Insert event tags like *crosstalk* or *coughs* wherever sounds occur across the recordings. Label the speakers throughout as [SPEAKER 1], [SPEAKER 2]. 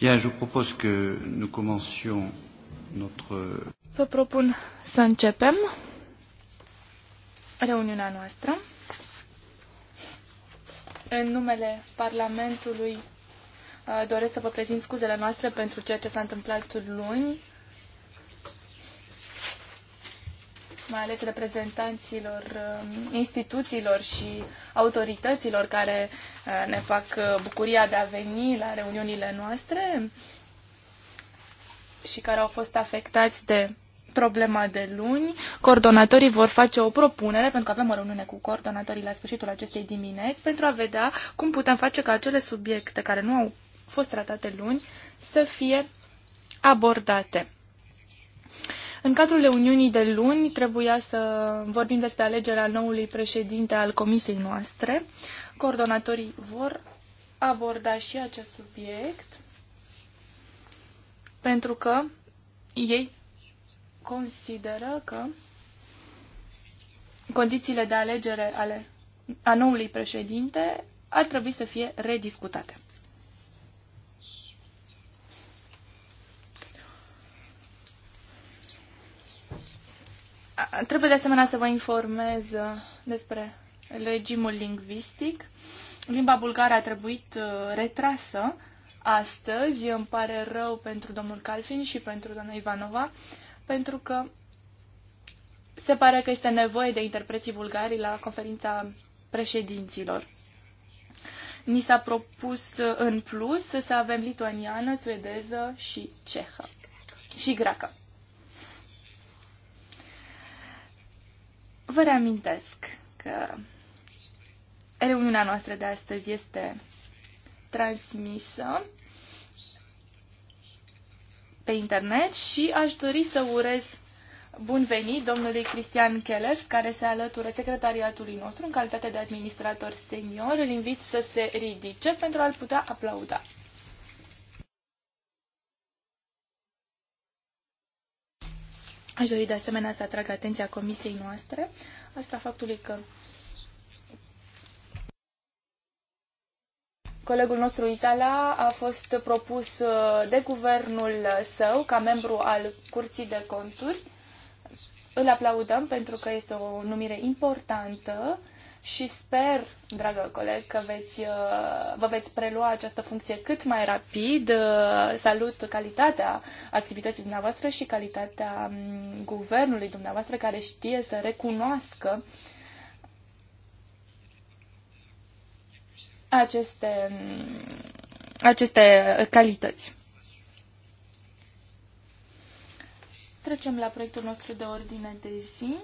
[SPEAKER 1] Bien, je vous propose que nous commencions notre... Vă propun să începem reuniunea noastră. În numele Parlamentului uh, doresc să vă prezint scuzele noastre pentru ceea ce s-a întâmplat luni mai ales reprezentanților um, instituțiilor și autorităților care uh, ne fac uh, bucuria de a veni la reuniunile noastre și care au fost afectați de problema de luni. Coordonatorii vor face o propunere, pentru că avem o reuniune cu coordonatorii la sfârșitul acestei dimineți, pentru a vedea cum putem face ca acele subiecte care nu au fost tratate luni să fie abordate. În cadrul reuniunii de luni trebuia să vorbim despre alegerea noului președinte al comisiei noastre. Coordonatorii vor aborda și acest subiect pentru că ei consideră că condițiile de alegere ale a noului președinte ar trebui să fie rediscutate. Trebuie de asemenea să vă informez despre regimul lingvistic. Limba bulgară a trebuit uh, retrasă astăzi. Îmi pare rău pentru domnul Calfin și pentru doamna Ivanova, pentru că se pare că este nevoie de interpreții bulgari la conferința președinților. Ni s-a propus uh, în plus să avem lituaniană, suedeză și cehă și greacă. Vă reamintesc că reuniunea noastră de astăzi este transmisă pe internet și aș dori să urez bun venit domnului Cristian Kellers, care se alătură secretariatului nostru în calitate de administrator senior. Îl invit să se ridice pentru a-l putea aplauda. Aș dori de asemenea să atrag atenția comisiei noastre asupra faptului că colegul nostru Itala a fost propus uh, de guvernul său ca membru al Curții de Conturi. Îl aplaudăm pentru că este o numire importantă și sper, dragă coleg, că veți, uh, vă veți prelua această funcție cât mai rapid. Uh, salut calitatea activității dumneavoastră și calitatea um, guvernului dumneavoastră care știe să recunoască aceste, um, aceste calități. Trecem la proiectul nostru de ordine de zi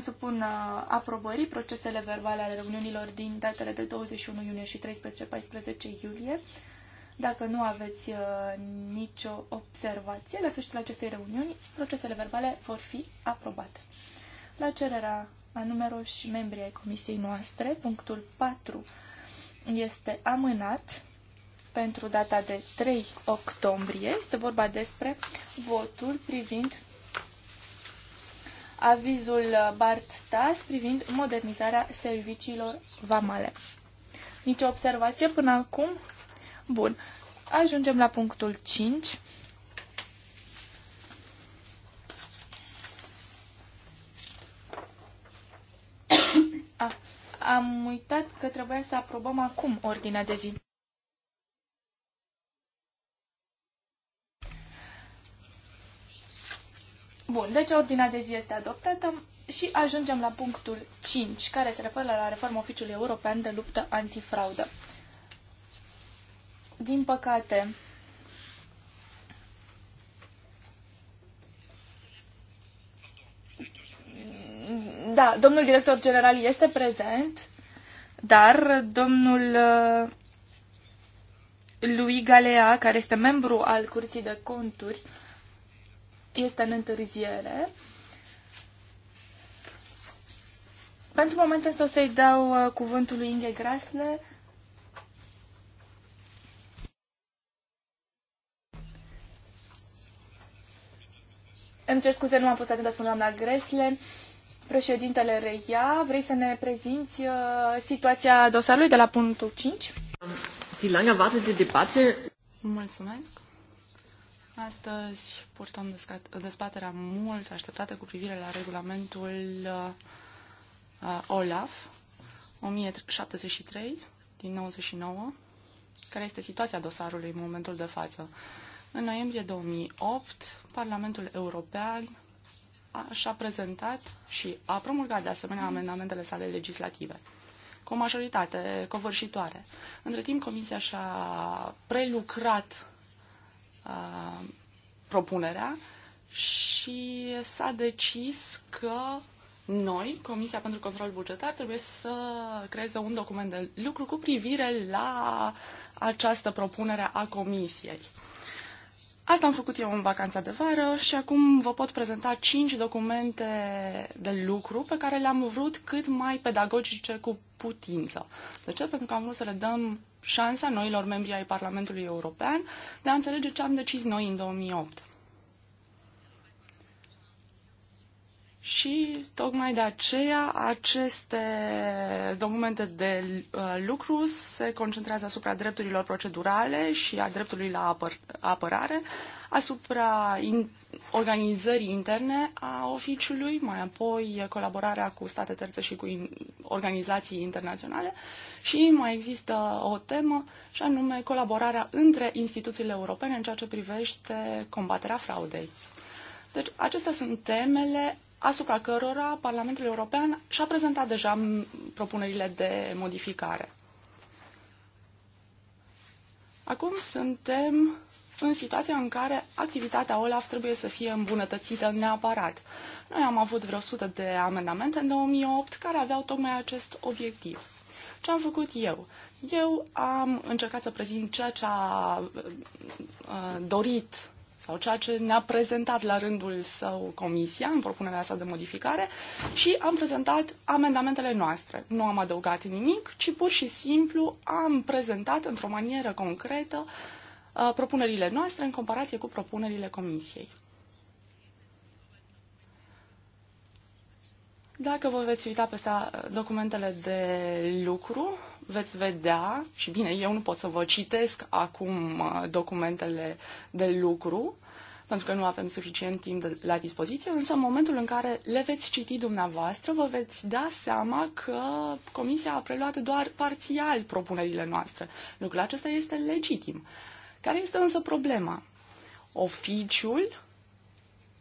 [SPEAKER 1] supun uh, aprobării procesele verbale ale reuniunilor din datele de 21 iunie și 13-14 iulie. Dacă nu aveți uh, nicio observație, la sfârșitul acestei reuniuni, procesele verbale vor fi aprobate. La cererea a numeroși membri ai comisiei noastre, punctul 4 este amânat pentru data de 3 octombrie. Este vorba despre votul privind avizul Bart Stas privind modernizarea serviciilor vamale. Nici observație până acum? Bun. Ajungem la punctul 5. *coughs* A, am uitat că trebuia să aprobăm acum ordinea de zi. Bun, deci ordinea de zi este adoptată și ajungem la punctul 5, care se referă la reforma Oficiului European de Luptă Antifraudă. Din păcate, da, domnul director general este prezent, dar domnul uh, lui Galea, care este membru al Curții de Conturi, este în întârziere. Pentru moment însă o să-i dau uh, cuvântul lui Inge Grasle. Îmi cer scuze, nu am fost atentă să spun doamna Gresle. Președintele Reia, vrei să ne prezinți uh, situația dosarului de la punctul 5? Um,
[SPEAKER 2] Die lange erwartete Debatte. Mulțumesc. Astăzi purtăm dezbaterea mult așteptată cu privire la regulamentul uh, OLAF 1073 din 99, care este situația dosarului în momentul de față. În noiembrie 2008, Parlamentul European și-a prezentat și a promulgat de asemenea mm. amendamentele sale legislative cu o majoritate covârșitoare. Între timp, Comisia și-a prelucrat Uh, propunerea și s-a decis că noi, Comisia pentru Control Bugetar, trebuie să creeze un document de lucru cu privire la această propunere a Comisiei. Asta am făcut eu în vacanța de vară și acum vă pot prezenta cinci documente de lucru pe care le-am vrut cât mai pedagogice cu putință. De ce? Pentru că am vrut să le dăm șansa noilor membri ai Parlamentului European de a înțelege ce am decis noi în 2008. Și tocmai de aceea aceste documente de uh, lucru se concentrează asupra drepturilor procedurale și a dreptului la apărare, asupra in- organizării interne a oficiului, mai apoi colaborarea cu state terțe și cu in- organizații internaționale și mai există o temă și anume colaborarea între instituțiile europene în ceea ce privește combaterea fraudei. Deci acestea sunt temele asupra cărora Parlamentul European și-a prezentat deja propunerile de modificare. Acum suntem în situația în care activitatea OLAF trebuie să fie îmbunătățită neapărat. Noi am avut vreo 100 de amendamente în 2008 care aveau tocmai acest obiectiv. Ce am făcut eu? Eu am încercat să prezint ceea ce a uh, dorit sau ceea ce ne-a prezentat la rândul său comisia în propunerea sa de modificare și am prezentat amendamentele noastre. Nu am adăugat nimic, ci pur și simplu am prezentat într-o manieră concretă uh, propunerile noastre în comparație cu propunerile comisiei. Dacă vă veți uita peste uh, documentele de lucru, veți vedea, și bine, eu nu pot să vă citesc acum uh, documentele de lucru, pentru că nu avem suficient timp de, la dispoziție, însă în momentul în care le veți citi dumneavoastră, vă veți da seama că Comisia a preluat doar parțial propunerile noastre. Lucrul acesta este legitim. Care este însă problema? Oficiul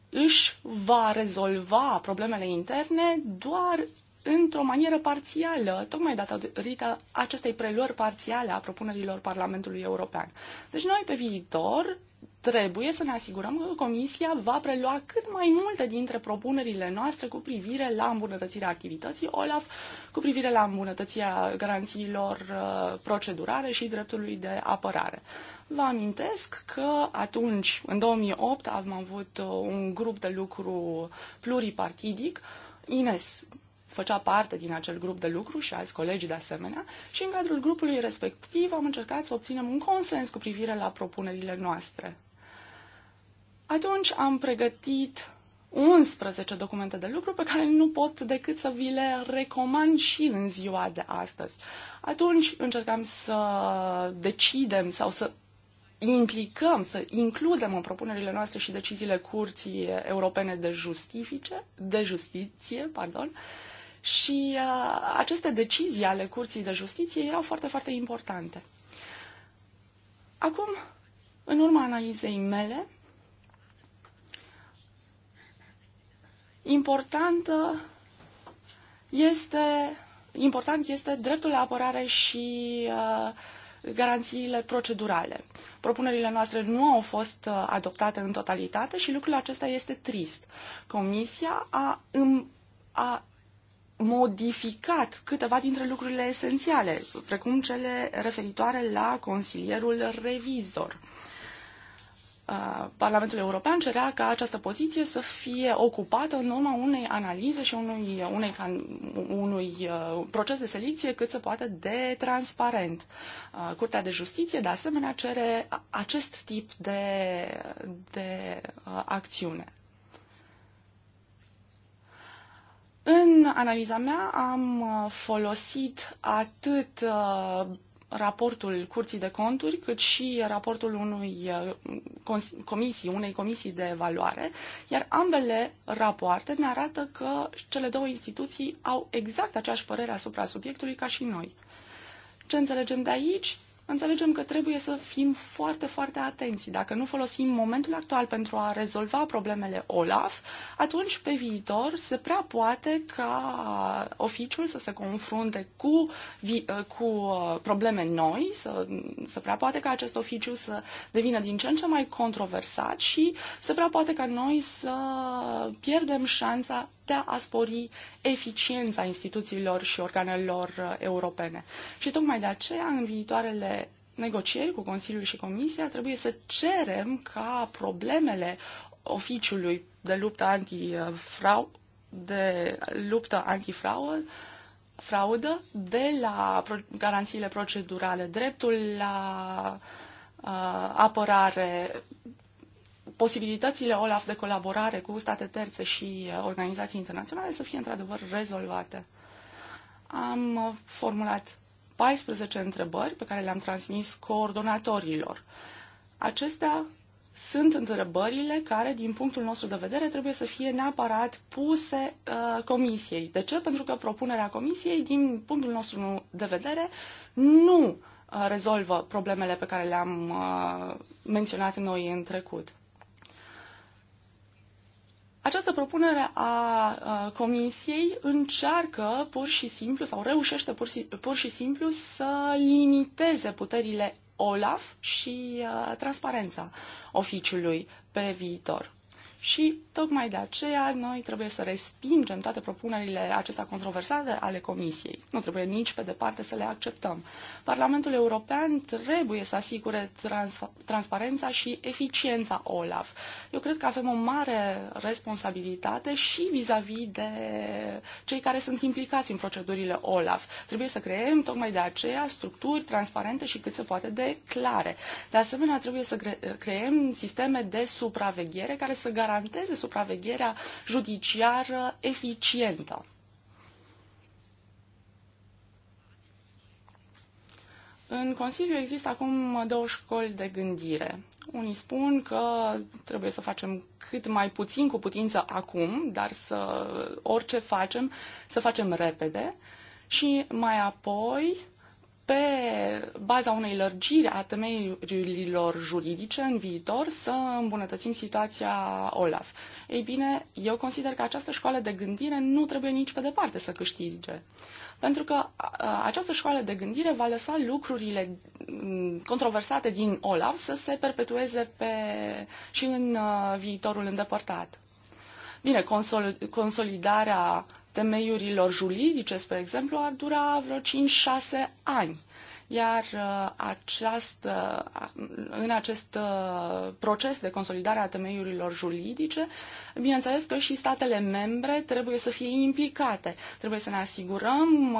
[SPEAKER 2] își va rezolva problemele interne doar într-o manieră parțială, tocmai datorită acestei preluări parțiale a propunerilor Parlamentului European. Deci noi pe viitor trebuie să ne asigurăm că Comisia va prelua cât mai multe dintre propunerile noastre cu privire la îmbunătățirea activității OLAF, cu privire la îmbunătățirea garanțiilor uh, procedurare și dreptului de apărare. Vă amintesc că atunci, în 2008, am avut uh, un grup de lucru pluripartidic, Ines, făcea parte din acel grup de lucru și alți colegi de asemenea și în cadrul grupului respectiv am încercat să obținem un consens cu privire la propunerile noastre. Atunci am pregătit 11 documente de lucru pe care nu pot decât să vi le recomand și în ziua de astăzi. Atunci încercam să decidem sau să implicăm, să includem în propunerile noastre și deciziile Curții Europene de, justifice, de Justiție, pardon, uh, și uh, aceste decizii ale Curții de Justiție erau foarte, foarte importante. Acum, în urma analizei mele, importantă este, important este dreptul la apărare și uh, garanțiile procedurale. Propunerile noastre nu au fost uh, adoptate în totalitate și lucrul acesta este trist. Comisia a, a modificat câteva dintre lucrurile esențiale, precum cele referitoare la consilierul revizor. Uh, Parlamentul European cerea ca această poziție să fie ocupată în urma unei analize și unui, unei, unui uh, proces de selecție cât se poate de transparent. Uh, Curtea de Justiție, de asemenea, cere acest tip de, de acțiune. În analiza mea am uh, folosit atât uh, raportul Curții de Conturi, cât și raportul unui uh, comisii, unei comisii de evaluare, iar ambele rapoarte ne arată că cele două instituții au exact aceeași părere asupra subiectului ca și noi. Ce înțelegem de aici înțelegem că trebuie să fim foarte, foarte atenți. Dacă nu folosim momentul actual pentru a rezolva problemele OLAF, atunci pe viitor se prea poate ca oficiul să se confrunte cu, cu uh, probleme noi, să, să prea poate ca acest oficiu să devină din ce în ce mai controversat și se prea poate ca noi să pierdem șansa de a spori eficiența instituțiilor și organelor uh, europene. Și tocmai de aceea, în viitoarele negocieri cu Consiliul și Comisia, trebuie să cerem ca problemele oficiului de luptă antifrau de luptă antifraudă fraudă de la garanțiile procedurale, dreptul la uh, apărare, posibilitățile OLAF de colaborare cu state terțe și uh, organizații internaționale să fie într-adevăr rezolvate. Am uh, formulat 14 întrebări pe care le-am transmis coordonatorilor. Acestea sunt întrebările care, din punctul nostru de vedere, trebuie să fie neapărat puse uh, comisiei. De ce? Pentru că propunerea comisiei, din punctul nostru de vedere, nu uh, rezolvă problemele pe care le-am uh, menționat noi în trecut. Această propunere a Comisiei încearcă pur și simplu sau reușește pur și, pur și simplu să limiteze puterile OLAF și uh, transparența oficiului pe viitor și tocmai de aceea noi trebuie să respingem toate propunerile acestea controversate ale Comisiei. Nu trebuie nici pe departe să le acceptăm. Parlamentul European trebuie să asigure trans- transparența și eficiența OLAF. Eu cred că avem o mare responsabilitate și vis-a-vis -vis de cei care sunt implicați în procedurile OLAF. Trebuie să creăm tocmai de aceea structuri transparente și cât se poate de clare. De asemenea, trebuie să creăm sisteme de supraveghere care să garanteze garanteze supravegherea judiciară eficientă. În Consiliu există acum două școli de gândire. Unii spun că trebuie să facem cât mai puțin cu putință acum, dar să orice facem, să facem repede și mai apoi pe baza unei lărgiri a temeiurilor juridice în viitor să îmbunătățim situația OLAF. Ei bine, eu consider că această școală de gândire nu trebuie nici pe departe să câștige. Pentru că această școală de gândire va lăsa lucrurile mm, controversate din OLAF să se perpetueze pe, și în uh, viitorul îndepărtat. Bine, consolidarea temeiurilor juridice, spre exemplu, ar dura vreo 5-6 ani. Iar uh, această, uh, în acest uh, proces de consolidare a temeiurilor juridice, bineînțeles că și statele membre trebuie să fie implicate. Trebuie să ne asigurăm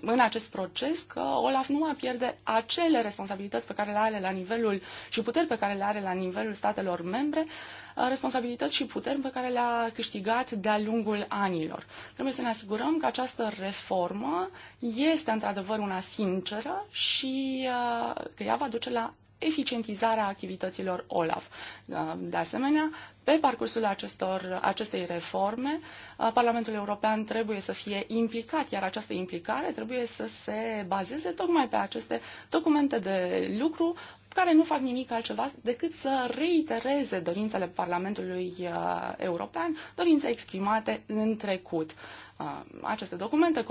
[SPEAKER 2] în acest proces că OLAF nu va pierde acele responsabilități pe care le are la nivelul și puteri pe care le are la nivelul statelor membre, responsabilități și puteri pe care le-a câștigat de-a lungul anilor. Trebuie să ne asigurăm că această reformă este într-adevăr una sinceră și că ea va duce la eficientizarea activităților OLAF. De asemenea, pe parcursul acestor, acestei reforme, Parlamentul European trebuie să fie implicat, iar această implicare trebuie să se bazeze tocmai pe aceste documente de lucru care nu fac nimic altceva decât să reitereze dorințele Parlamentului uh, European, dorințe exprimate în trecut. Uh, aceste documente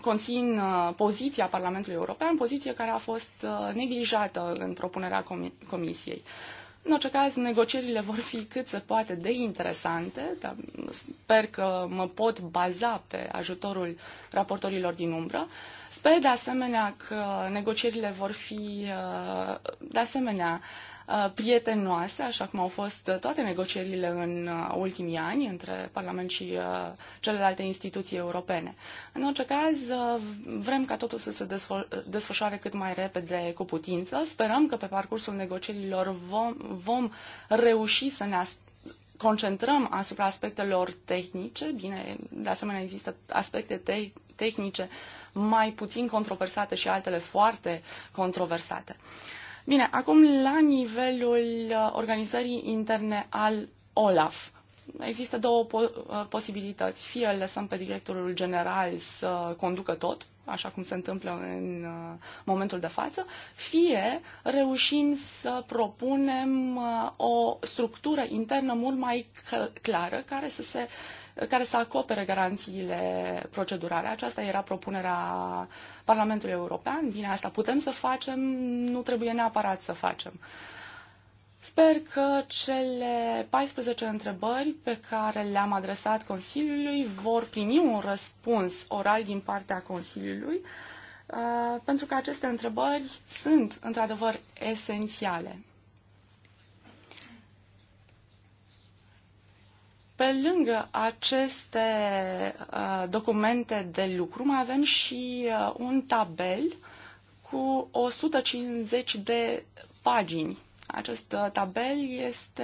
[SPEAKER 2] conțin uh, poziția Parlamentului European, poziție care a fost neglijată în propunerea Comisiei. În orice caz, negocierile vor fi cât se poate de interesante, dar sper că mă pot baza pe ajutorul raportorilor din umbră. Sper de asemenea că negocierile vor fi uh, de asemenea Uh, prietenoase, așa cum au fost toate negocierile în uh, ultimii ani între Parlament și uh, celelalte instituții europene. În orice caz, vrem ca totul să se desfășoare cât mai repede cu putință. Sperăm că pe parcursul negocierilor vom, vom reuși să ne concentrăm asupra aspectelor tehnice. Bine, de asemenea există aspecte te- tehnice mai puțin controversate și altele foarte controversate. Uh, Bine, acum la nivelul uh, organizării interne al OLAF. Există două po- uh, posibilități. Fie îl lăsăm pe directorul general să conducă tot, așa cum se întâmplă în uh, momentul de față, fie reușim să propunem o structură internă mult mai clară care să se care să acopere garanțiile procedurale. Aceasta era propunerea Parlamentului European. Bine, asta putem să facem, nu trebuie neapărat să facem. Sper că cele 14 întrebări pe care le-am adresat Consiliului vor primi un răspuns oral din partea Consiliului, uh, pentru că aceste întrebări sunt într-adevăr esențiale. Pe lângă aceste uh, documente de lucru, mai avem și uh, un tabel cu 150 de pagini acest uh, tabel este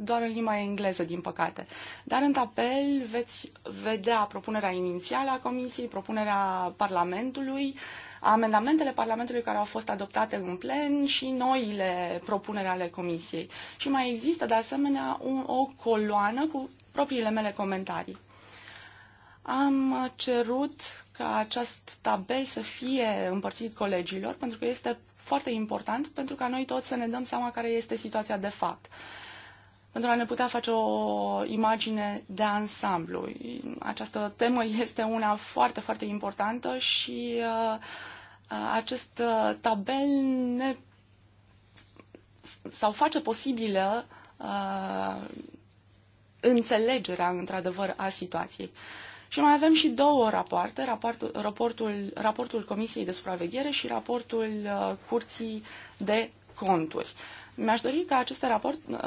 [SPEAKER 2] doar în limba engleză, din păcate. Dar în tabel veți vedea propunerea inițială a Comisiei, propunerea Parlamentului, amendamentele Parlamentului care au fost adoptate în plen și noile propunere ale Comisiei. Și mai există, de asemenea, un, o coloană cu propriile mele comentarii. Am cerut ca acest tabel să fie împărțit colegilor, pentru că este foarte important pentru ca noi toți să ne dăm seama care este situația de fapt pentru a ne putea face o imagine de ansamblu. Această temă este una foarte, foarte importantă și uh, acest uh, tabel ne sau face posibilă uh, înțelegerea, într-adevăr, a situației. Uh, și mai avem și două rapoarte, raportul, raportul, raportul Comisiei de Supraveghere și raportul uh, Curții de Conturi. Mi-aș dori ca aceste raport, uh,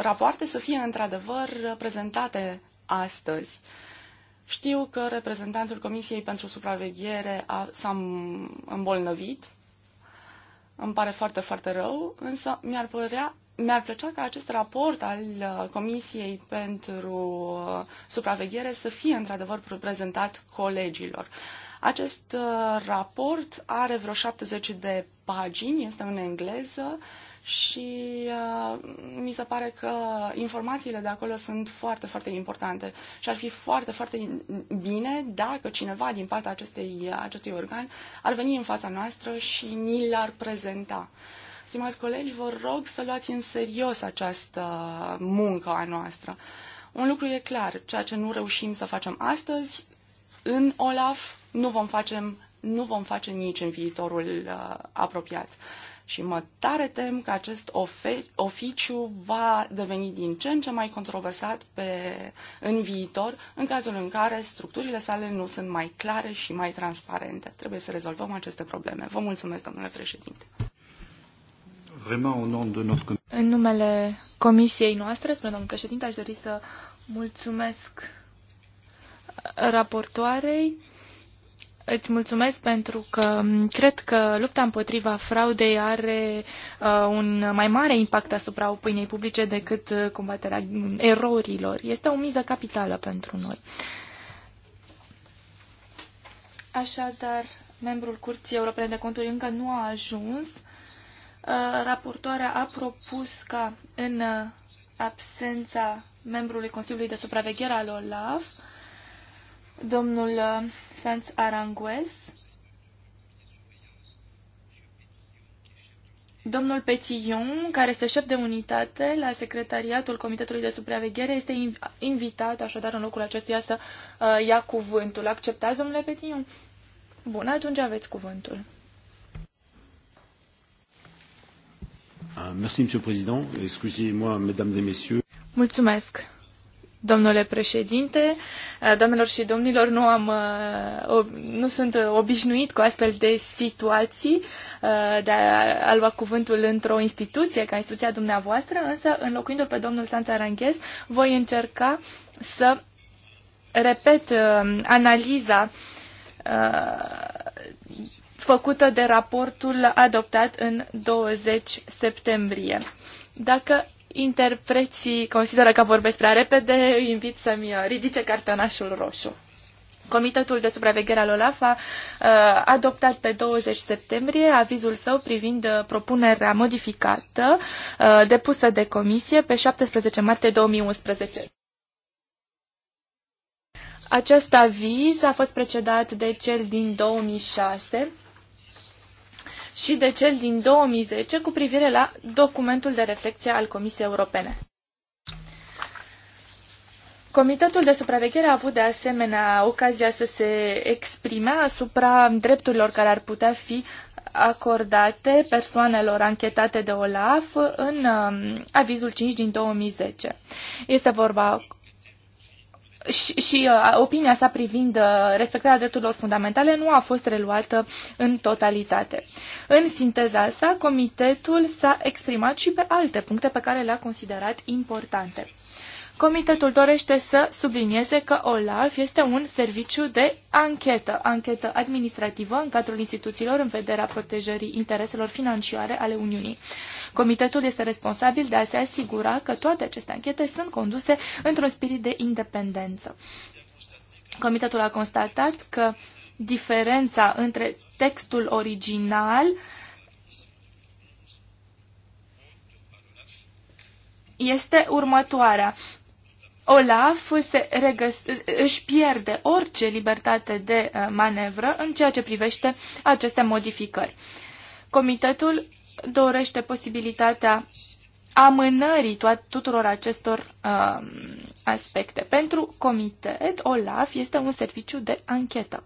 [SPEAKER 2] rapoarte să fie într-adevăr prezentate astăzi. Știu că reprezentantul Comisiei pentru Supraveghere a, s-a îmbolnăvit, îmi pare foarte, foarte rău, însă mi-ar părea mi-ar plăcea ca acest raport al uh, Comisiei pentru uh, Supraveghere să fie într-adevăr prezentat colegilor. Acest uh, raport are vreo 70 de pagini, este în engleză și mi se pare că informațiile de acolo sunt foarte, foarte importante și ar fi foarte, foarte bine dacă cineva din partea acestei, acestui organ ar veni în fața noastră și ni l-ar prezenta. Uh, Stimați colegi, vă rog să luați în serios această muncă a noastră. Un lucru e clar, ceea ce nu reușim să facem astăzi, în OLAF, nu vom face, nu vom face nici în viitorul uh, apropiat. Și mă tare tem că acest ofe- oficiu va deveni din ce în ce mai controversat pe, în viitor, în cazul în care structurile sale nu sunt mai clare și mai transparente. Trebuie să rezolvăm aceste probleme. Vă mulțumesc, domnule președinte. În
[SPEAKER 1] numele comisiei noastre, spre domnul președinte, aș dori să mulțumesc raportoarei. Îți mulțumesc pentru că cred că lupta împotriva fraudei are uh, un mai mare impact asupra opiniei publice decât uh, combaterea erorilor. Este o miză capitală pentru noi. Așadar, membrul Curții Europene de Conturi încă nu a ajuns uh, Uh, raportoarea a propus ca în uh, absența membrului Consiliului de Supraveghere al OLAF, domnul uh, Sanz Aranguez, Domnul Petillon, care este șef de unitate la secretariatul Comitetului de Supraveghere, este invitat așadar în locul acestuia să ia cuvântul. Acceptați, domnule Petillon? Bun, atunci aveți cuvântul. Ah, Mulțumesc, domnule președinte. Ah, doamnelor și domnilor, nu, am, ah, nu sunt obișnuit cu astfel de situații de a lua cuvântul într-o instituție ca instituția dumneavoastră, însă înlocuindu-l pe domnul Santaranghez, voi încerca să repet analiza făcută de raportul adoptat în 20 septembrie. Dacă interpreții consideră că vorbesc prea repede, îi invit să-mi uh, ridice cartonașul roșu. Comitetul de supraveghere al OLAF a uh, adoptat pe 20 septembrie avizul său privind uh, propunerea modificată uh, depusă de comisie pe 17 martie 2011. Acest aviz a fost precedat de cel din 2006 și de cel din 2010 cu privire la documentul de reflecție al Comisiei Europene. Comitetul de supraveghere a avut de asemenea ocazia să se exprime asupra drepturilor care ar putea fi acordate persoanelor anchetate de OLAF în um, avizul 5 din 2010. Este vorba și, și uh, opinia sa privind uh, respectarea drepturilor fundamentale nu a fost reluată în totalitate. În sinteza sa, comitetul s-a exprimat și pe alte puncte pe care le-a considerat importante. Comitetul dorește să sublinieze că OLAF este un serviciu de anchetă, anchetă administrativă în cadrul instituțiilor în vederea protejării intereselor financiare ale Uniunii. Comitetul este responsabil de a se asigura că toate aceste anchete sunt conduse într-un spirit de independență. Comitetul a constatat că diferența între textul original este următoarea. Olaf se regăs- își pierde orice libertate de uh, manevră în ceea ce privește aceste modificări. Comitetul dorește posibilitatea amânării tuturor acestor uh, aspecte. Pentru comitet, OLAF este un serviciu de anchetă.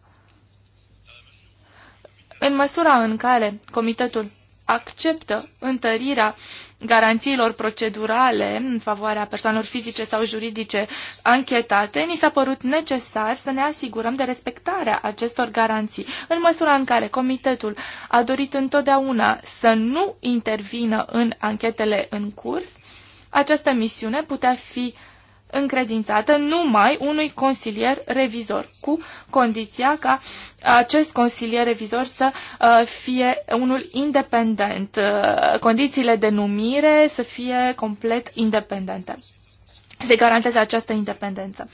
[SPEAKER 1] În măsura în care comitetul acceptă întărirea garanțiilor procedurale în favoarea persoanelor fizice sau juridice anchetate, ni s-a părut necesar să ne asigurăm de respectarea acestor garanții, în măsura în care comitetul a dorit întotdeauna să nu intervină în anchetele în curs, această misiune putea fi încredințată numai unui consilier revizor, cu condiția ca acest consilier revizor să uh, fie unul independent, uh, condițiile de numire să fie complet independente. Se garantează această independență. Uh,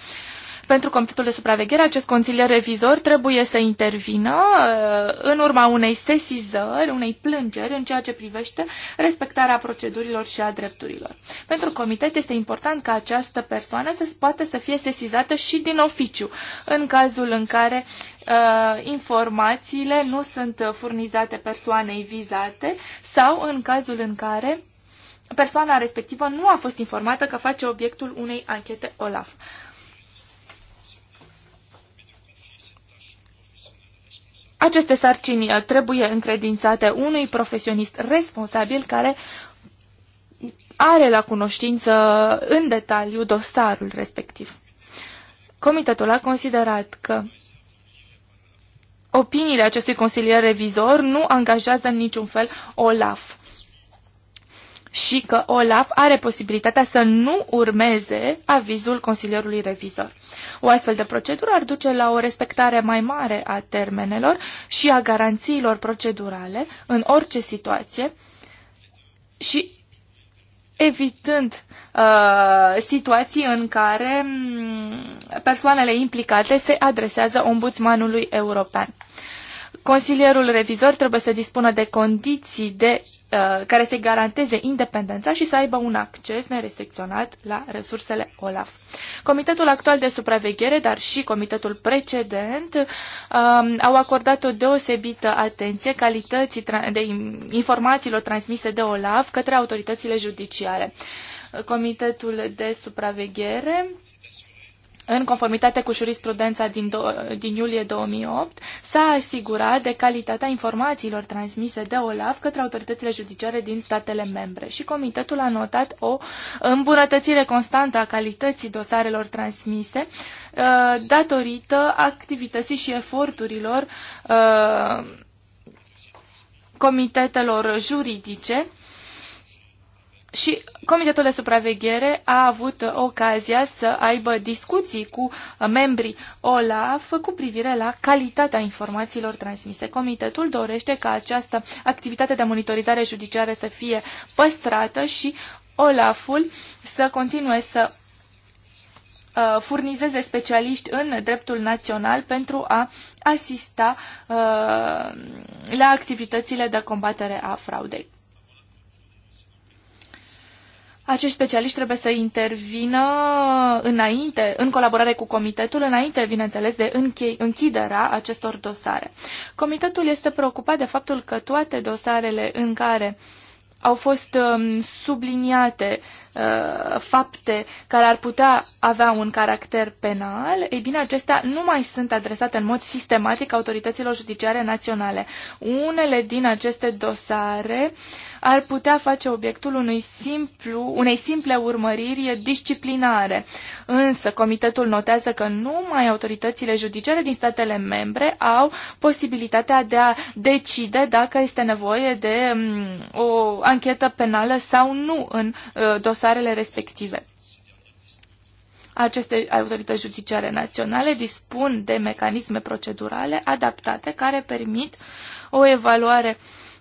[SPEAKER 1] pentru Comitetul de Supraveghere, acest consilier revizor trebuie să intervină uh, în urma unei sesizări, unei plângeri în ceea ce privește respectarea procedurilor și a drepturilor. Pentru Comitet este important ca această persoană să poată să fie sesizată și din oficiu, în cazul în care uh, informațiile nu sunt furnizate persoanei vizate sau în cazul în care persoana respectivă nu a fost informată că face obiectul unei anchete OLAF. Aceste sarcini uh, trebuie încredințate unui profesionist responsabil care are la cunoștință în detaliu dosarul respectiv. Comitetul a considerat că opiniile acestui consilier revizor nu angajează în niciun fel OLAF și că Olaf are posibilitatea să nu urmeze avizul Consiliorului Revizor. O astfel de procedură ar duce la o respectare mai mare a termenelor și a garanțiilor procedurale în orice situație și evitând uh, situații în care
[SPEAKER 3] mm,
[SPEAKER 1] persoanele implicate se adresează ombudsmanului european. Consilierul revizor trebuie să dispună de condiții de Uh, care să-i garanteze independența și să aibă un acces nerestricționat la resursele OLAF. Comitetul actual de supraveghere, dar și comitetul precedent, um, au acordat o deosebită atenție calității de informațiilor transmise de OLAF către autoritățile judiciare. Comitetul de supraveghere în conformitate cu jurisprudența din, do- din iulie 2008, s-a asigurat de calitatea informațiilor transmise de OLAF către autoritățile judiciare din statele membre și comitetul a notat o îmbunătățire constantă a calității dosarelor transmise uh, datorită activității și eforturilor uh, comitetelor juridice și Comitetul de Supraveghere a avut ocazia să aibă discuții cu membrii OLAF cu privire la calitatea informațiilor transmise. Comitetul dorește ca această activitate de monitorizare judiciară să fie păstrată și OLAF-ul să continue să uh, furnizeze specialiști în dreptul național pentru a asista uh, la activitățile de combatere a fraudei acești specialiști trebuie să intervină înainte, în colaborare cu comitetul, înainte, bineînțeles, de închei, închiderea acestor dosare. Comitetul este preocupat de faptul că toate dosarele în care au fost um, subliniate Uh, fapte care ar putea avea un caracter penal, ei bine, acestea nu mai sunt adresate în mod sistematic autorităților judiciare naționale. Unele din aceste dosare ar putea face obiectul unui simplu, unei simple urmăriri disciplinare. Însă, comitetul notează că numai autoritățile judiciare din statele membre au posibilitatea de a decide dacă este nevoie de um, o anchetă penală sau nu în uh, dosare dosarele respective. Aceste autorități judiciare naționale dispun de mecanisme procedurale adaptate care permit o evaluare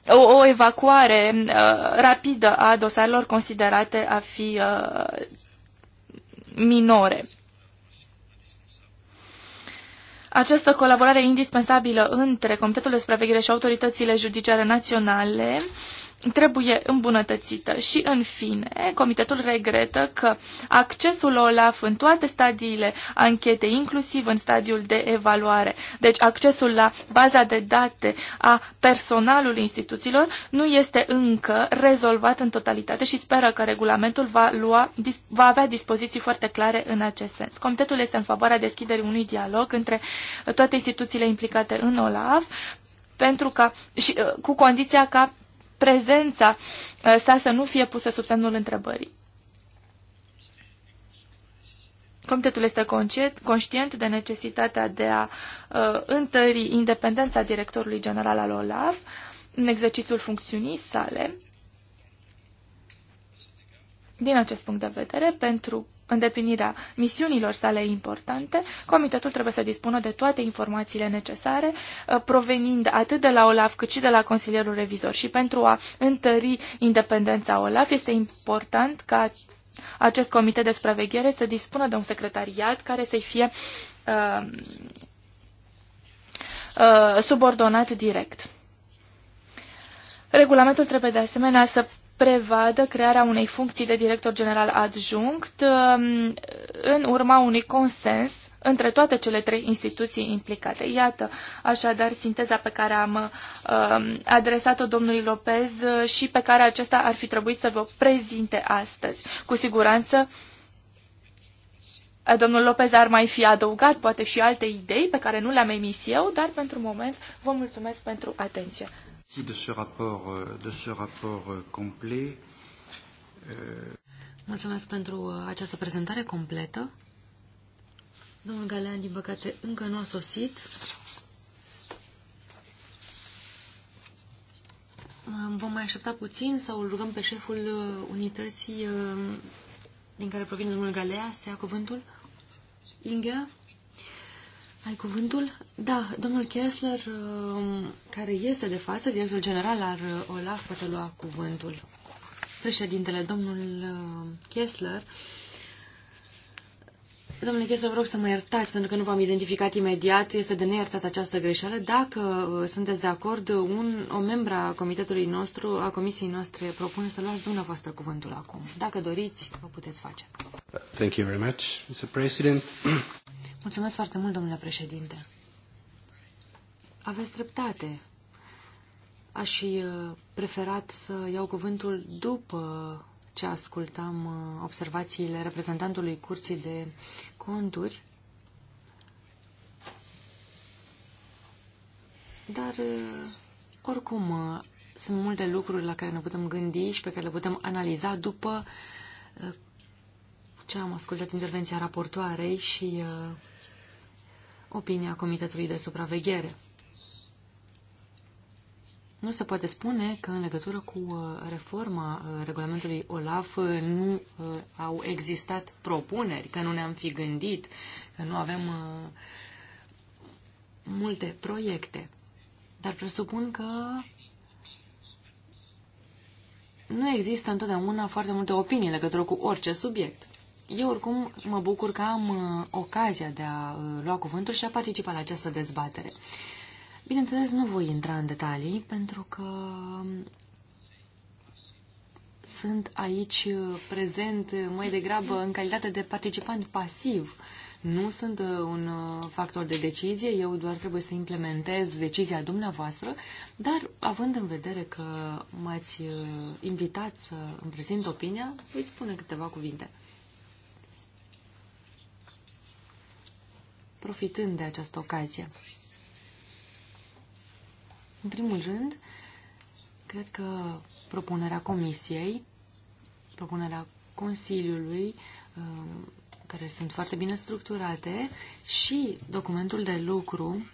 [SPEAKER 1] o, o evacuare uh, rapidă a dosarelor considerate a fi uh, minore. Această colaborare indispensabilă între Comitetul de Supraveghere și autoritățile judiciare naționale uh, trebuie îmbunătățită. Și, în fine, comitetul regretă că accesul OLAF în toate stadiile anchetei, inclusiv în stadiul de evaluare, deci accesul la baza de date a personalului instituțiilor, nu este încă rezolvat în totalitate și speră că regulamentul va, lua, va avea dispoziții foarte clare în acest sens. Comitetul este în favoarea deschiderii unui dialog între toate instituțiile implicate în OLAF, pentru ca, și, uh, cu condiția ca prezența uh, sa să nu fie pusă sub semnul întrebării. Comitetul este conștient de necesitatea de a uh, întări independența directorului general al OLAF în exercițiul funcțiunii sale. Din acest punct de vedere, pentru îndeplinirea misiunilor sale importante, comitetul trebuie să dispună de toate informațiile necesare, uh, provenind atât de la OLAF cât și de la Consilierul Revizor. Și pentru a întări independența OLAF este important ca acest comitet de supraveghere să dispună de un secretariat care să-i fie uh, uh, subordonat direct. Regulamentul trebuie de asemenea să prevadă crearea unei funcții de director general adjunct um, în urma unui consens între toate cele trei instituții implicate. Iată, așadar, sinteza pe care am uh, adresat-o domnului Lopez și pe care acesta ar fi trebuit să vă prezinte astăzi. Cu siguranță, domnul Lopez ar mai fi adăugat poate și alte idei pe care nu le-am emis eu, dar pentru moment vă mulțumesc pentru atenție de ce rapport, euh, de ce rapport euh, complet. Euh,
[SPEAKER 3] Mulțumesc pentru uh, această prezentare completă. Domnul Galean, din păcate, încă nu a sosit. Vom mai aștepta puțin sau îl rugăm pe șeful uh, unității uh, din care provine domnul Galea să ia cuvântul? Inghea? Ai cuvântul? Da, domnul Kessler, um, care este de față, directorul general al uh, OLAF, poate lua cuvântul. Președintele, domnul um, Kessler, Domnule Kessler, vă rog să mă iertați pentru că nu v-am identificat imediat. Este de neiertat această greșeală. Dacă uh, sunteți de acord, un, o membra a comitetului nostru, a comisiei noastre, propune să luați dumneavoastră cuvântul acum. Dacă doriți, o puteți face.
[SPEAKER 1] Thank you very much, Mr. President. *clears throat*
[SPEAKER 3] Mulțumesc foarte mult, domnule președinte. Aveți dreptate. Aș fi uh, preferat să iau cuvântul după ce ascultam uh, observațiile reprezentantului Curții de Conturi, dar uh, oricum sunt multe lucruri la care ne putem gândi și pe care le putem analiza după ce am ascultat intervenția raportoarei și opinia Comitetului de Supraveghere. Nu se poate spune că în legătură cu uh, reforma uh, regulamentului OLAF uh, nu au existat propuneri, că nu ne-am fi gândit, că nu avem multe proiecte. Dar presupun că nu există întotdeauna foarte multe opinii în legătură cu orice subiect. Eu oricum mă bucur că am uh, ocazia de a uh, lua cuvântul și a participa la această dezbatere. Bineînțeles, nu voi intra în detalii, pentru că um, sunt aici uh, prezent mai degrabă în calitate de participant pasiv. Nu sunt un factor de decizie, eu doar trebuie să implementez decizia dumneavoastră, dar având în vedere că m-ați invitat să îmi prezint opinia, voi spune câteva cuvinte. profitând de această ocazie. În primul rând, cred că propunerea Comisiei, propunerea Consiliului, uh, care sunt foarte bine structurate, și documentul de lucru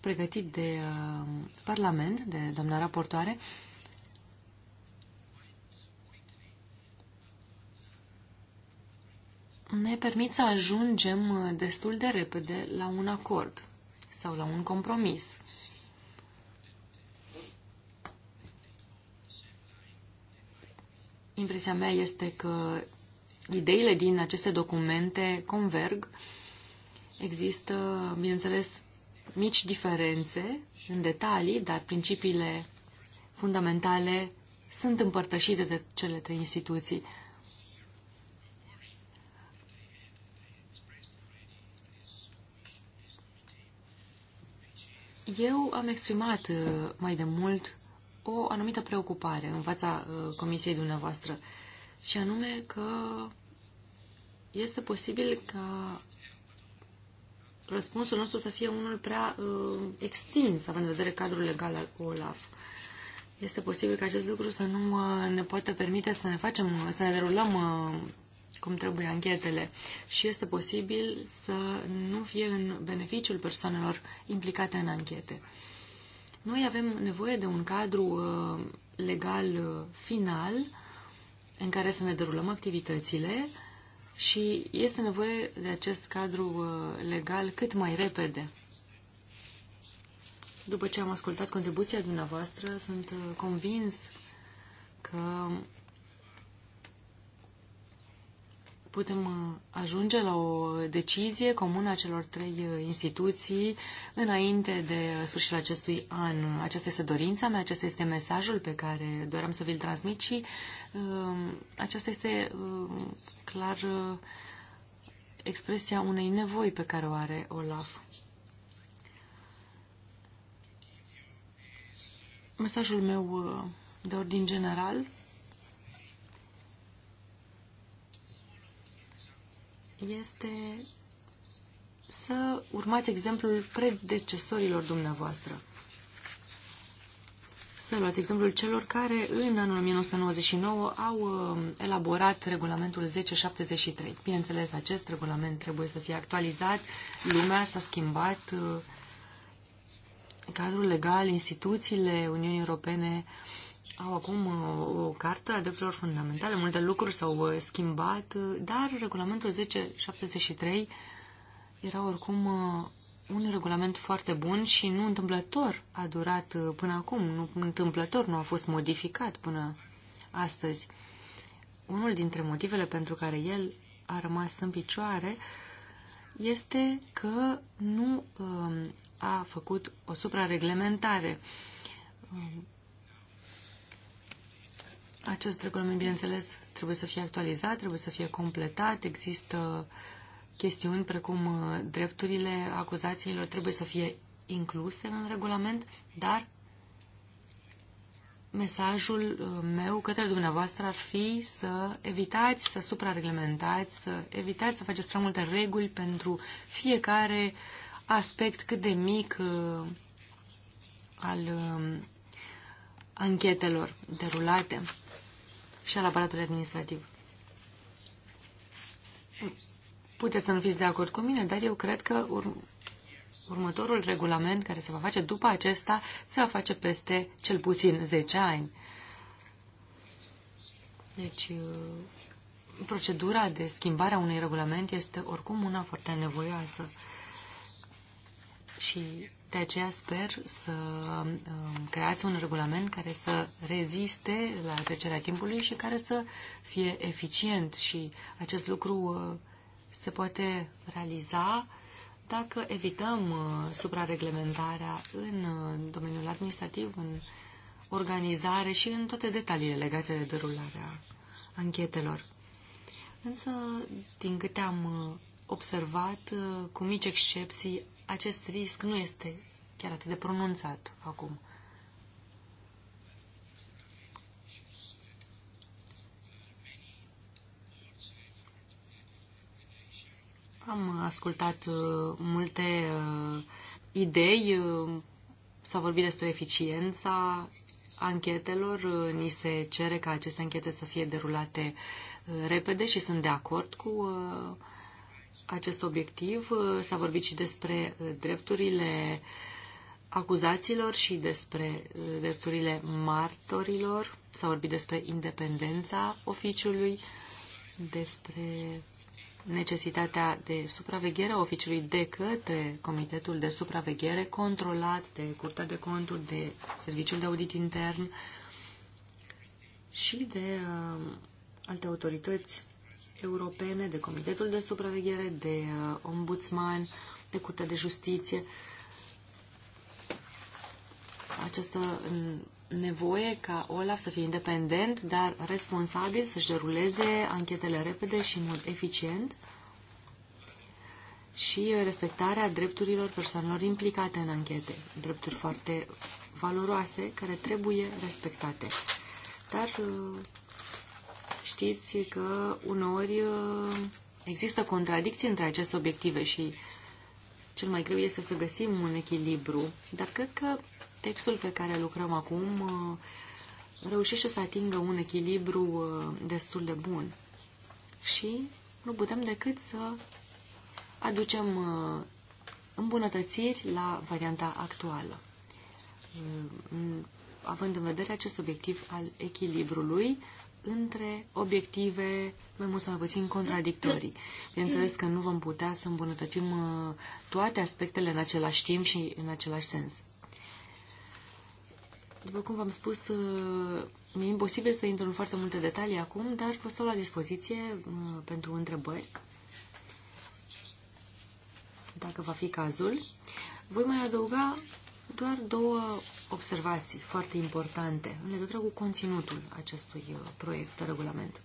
[SPEAKER 3] pregătit de uh, Parlament, de doamna raportoare, ne permit să ajungem uh, destul de repede la un acord sau la un compromis. Impresia mea este că ideile din aceste documente converg. Există, bineînțeles, mici diferențe în detalii, dar principiile fundamentale sunt împărtășite de cele trei instituții. Eu am exprimat uh, mai de mult o anumită preocupare în fața uh, comisiei dumneavoastră și anume că este posibil ca răspunsul nostru să fie unul prea uh, extins, având în vedere cadrul legal al OLAF. Este posibil ca acest lucru să nu uh, ne poată permite să ne facem, să ne derulăm uh, cum trebuie anchetele și este posibil să nu fie în beneficiul persoanelor implicate în anchete. Noi avem nevoie de un cadru uh, legal uh, final în care să ne derulăm activitățile și este nevoie de acest cadru uh, legal cât mai repede. După ce am ascultat contribuția dumneavoastră, sunt convins că putem uh, ajunge la o decizie comună a celor trei uh, instituții înainte de uh, sfârșitul acestui an. Aceasta este dorința mea, acesta este mesajul pe care doream să vi-l transmit și aceasta este clar expresia unei nevoi pe care o are Olaf. Mesajul meu de ordin general este să urmați exemplul predecesorilor dumneavoastră. Să luați exemplul celor care în anul 1999 au um, elaborat regulamentul 1073. Bineînțeles, acest regulament trebuie să fie actualizat, lumea s-a schimbat, uh, cadrul legal, instituțiile Uniunii Europene uh, au acum uh, o carte a drepturilor fundamentale, multe lucruri s-au uh, schimbat, uh, dar regulamentul 1073 era oricum un regulament foarte bun și nu întâmplător a durat până acum, nu întâmplător nu a fost modificat până astăzi. Unul dintre motivele pentru care el a rămas în picioare este că nu um, a făcut o suprareglementare. reglementare. Um, acest regulament, bineînțeles, trebuie să fie actualizat, trebuie să fie completat. Există chestiuni precum uh, drepturile acuzațiilor trebuie să fie incluse în regulament, dar mesajul uh, meu către dumneavoastră ar fi să evitați să suprareglementați, să evitați să faceți prea multe reguli pentru fiecare aspect cât de mic uh, al um, anchetelor derulate și al aparatului administrativ. Puteți să nu fiți de acord cu mine, dar eu cred că ur următorul regulament care se va face după acesta se va face peste cel puțin 10 ani. Deci, uh, procedura de schimbare a unui regulament este oricum una foarte nevoioasă. Și de aceea sper să um, creați un regulament care să reziste la trecerea timpului și care să fie eficient și acest lucru uh, se poate realiza dacă evităm uh, suprareglementarea în uh, domeniul administrativ, în organizare și în toate detaliile legate de derularea anchetelor. Însă, din câte am observat, cu mici excepții, acest risc nu este chiar atât de pronunțat acum.
[SPEAKER 2] Am ascultat
[SPEAKER 3] uh, multe uh, idei, uh, s-a vorbit despre eficiența anchetelor, ni se cere ca aceste anchete să fie derulate repede și sunt de acord cu uh, acest obiectiv. Uh, s-a vorbit și despre uh, drepturile acuzaților și despre uh, drepturile martorilor. S-a vorbit despre independența oficiului, despre necesitatea de supraveghere a oficiului de către Comitetul de Supraveghere, controlat de Curtea de Conturi, de Serviciul de Audit Intern și de uh, alte autorități Europene, de Comitetul de Supraveghere, de uh, Ombudsman, de Curtea de Justiție. Această mm, nevoie ca Olaf să fie independent, dar responsabil, să-și deruleze anchetele repede și în mod eficient și respectarea drepturilor persoanelor implicate în anchete. Drepturi foarte valoroase care trebuie respectate. Dar uh, Știți că uneori uh, există contradicții între aceste obiective și cel mai greu este să găsim un echilibru, dar cred că textul pe care lucrăm acum uh, reușește să atingă un echilibru uh, destul de bun. Și nu putem decât să aducem îmbunătățiri la varianta actuală, având în vedere acest obiectiv al echilibrului între obiective mai mult sau mai puțin contradictorii. Bineînțeles că nu vom putea să îmbunătățim uh, toate aspectele în același timp și în același sens. După cum v-am spus, uh, mi-e imposibil să intru în foarte multe detalii acum, dar vă stau la dispoziție uh, pentru întrebări, dacă va fi cazul. Voi mai adăuga doar două observații foarte importante în legătură cu conținutul acestui uh, proiect de regulament.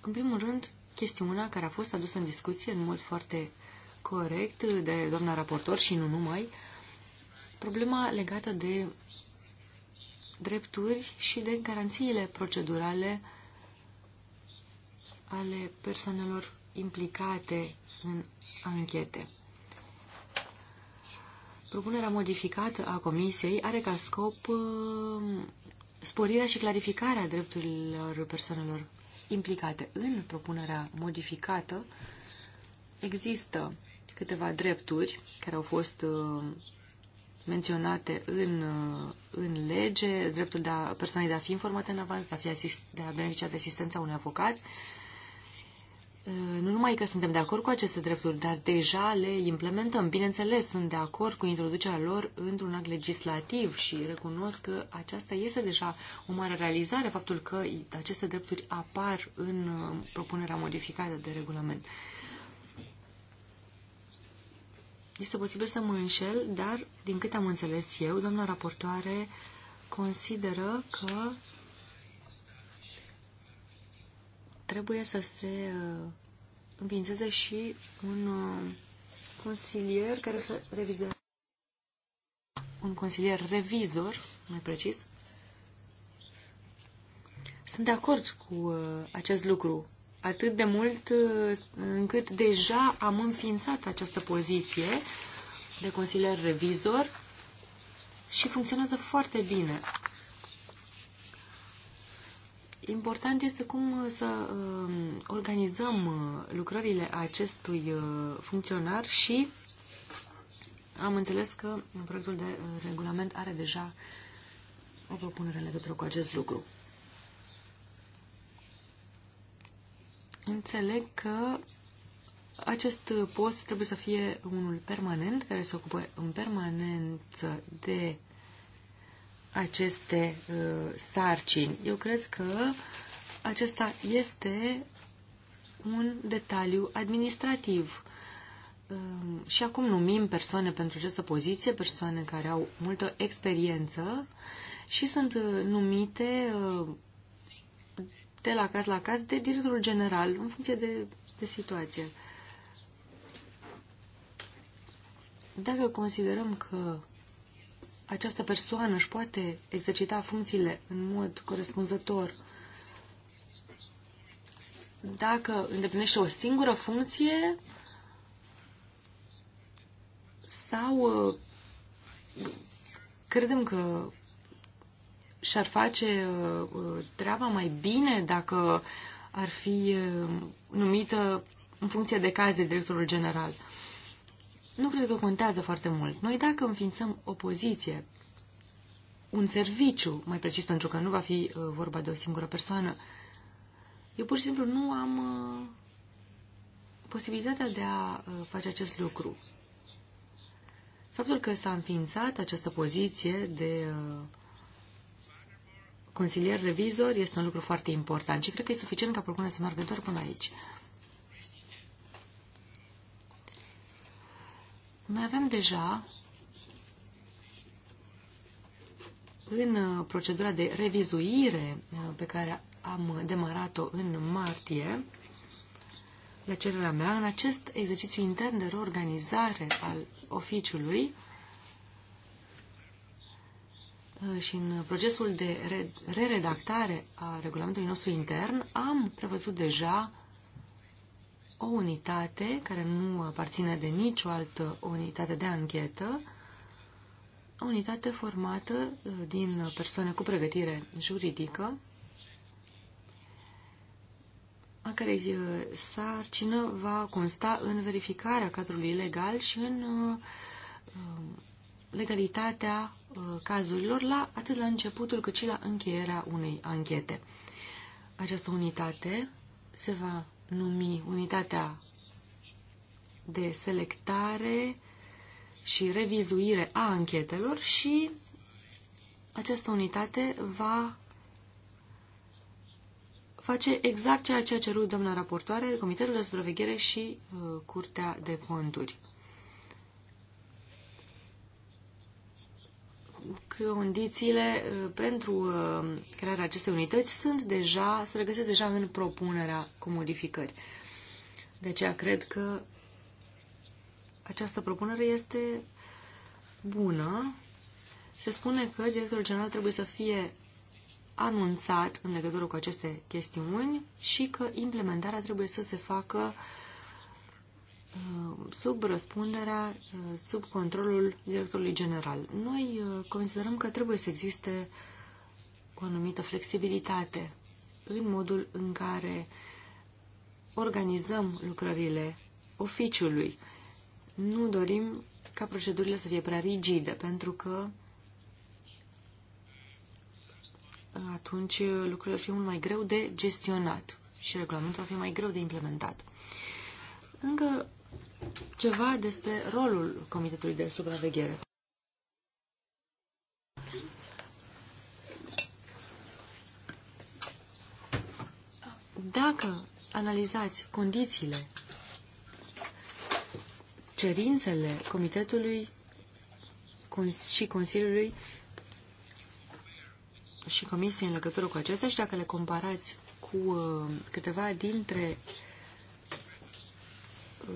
[SPEAKER 3] În primul rând, chestiunea care a fost adusă în discuție în mod foarte corect de doamna raportor și nu numai, problema legată de drepturi și de garanțiile procedurale ale persoanelor implicate în anchete. Propunerea modificată a Comisiei are ca scop uh, sporirea și clarificarea drepturilor persoanelor implicate. În propunerea modificată există câteva drepturi care au fost uh, menționate în, uh, în lege, dreptul de a, persoanei de a fi informată în avans, de a, fi asist, de a beneficia de asistența unui avocat, Eh, nu numai că suntem de acord cu aceste drepturi, dar deja le implementăm. Bineînțeles, sunt de acord cu introducerea lor într-un act legislativ și recunosc că aceasta este deja o mare realizare, faptul că aceste drepturi apar în eh, propunerea modificată de regulament. Este posibil să mă înșel, dar, din câte am înțeles eu, doamna raportoare consideră că trebuie să se uh, înființeze și un uh, consilier care să revize un consilier revizor, mai precis. Sunt de acord cu uh, acest lucru, atât de mult încât deja am înființat această poziție de consilier revizor și funcționează foarte bine. Important este cum uh, să um, organizăm uh, lucrările acestui uh, funcționar și am înțeles că proiectul de regulament are deja o propunere în legătură cu acest lucru. Înțeleg că acest post trebuie să fie unul permanent, care se ocupă în permanență de aceste uh, sarcini. Eu cred că acesta este un detaliu administrativ. Uh, și acum numim persoane pentru această poziție, persoane care au multă experiență și sunt uh, numite uh, de la caz la caz de directorul general, în funcție de, de situație. Dacă considerăm că această persoană își poate exercita funcțiile în mod corespunzător dacă îndeplinește o singură funcție sau uh, credem că și-ar face uh, treaba mai bine dacă ar fi uh, numită în funcție de caz de directorul general nu cred că contează foarte mult. Noi dacă înființăm o poziție, un serviciu, mai precis, pentru că nu va fi uh, vorba de o singură persoană, eu pur și simplu nu am uh, posibilitatea de a uh, face acest lucru. Faptul că s-a înființat această poziție de uh, consilier revizor este un lucru foarte important și cred că e suficient ca propunerea să meargă doar până aici. Noi avem deja în uh, procedura de revizuire uh, pe care am demarat-o în martie, la cererea mea, în acest exercițiu intern de reorganizare al oficiului uh, și în procesul de re redactare a regulamentului nostru intern, am prevăzut deja o unitate care nu aparține de nicio altă unitate de anchetă, o unitate formată uh, din persoane cu pregătire juridică, a care uh, sarcină va consta în verificarea cadrului legal și în uh, um, legalitatea cazurilor, la, atât la începutul cât și la încheierea unei anchete. Această unitate se va numi unitatea de selectare și revizuire a anchetelor și această unitate va face exact ceea ce a cerut doamna raportoare, Comitetul de Supraveghere și uh, Curtea de Conturi. condițiile uh, pentru uh, crearea acestei unități sunt deja, se regăsesc deja în propunerea cu modificări. De aceea cred că această propunere este bună. Se spune că directorul general trebuie să fie anunțat în legătură cu aceste chestiuni și că implementarea trebuie să se facă uh, Uh, sub răspunderea, uh, sub controlul directorului general. Noi uh, considerăm că trebuie să existe o anumită flexibilitate în modul în care organizăm lucrările oficiului. Nu dorim ca procedurile să fie prea rigide, pentru că atunci lucrurile ar fi mult mai greu de gestionat și regulamentul ar fi mai greu de implementat. Încă ceva despre rolul Comitetului de Supraveghere. Dacă analizați condițiile, cerințele Comitetului și Consiliului și Comisiei în legătură cu acestea și dacă le comparați cu uh, câteva dintre uh,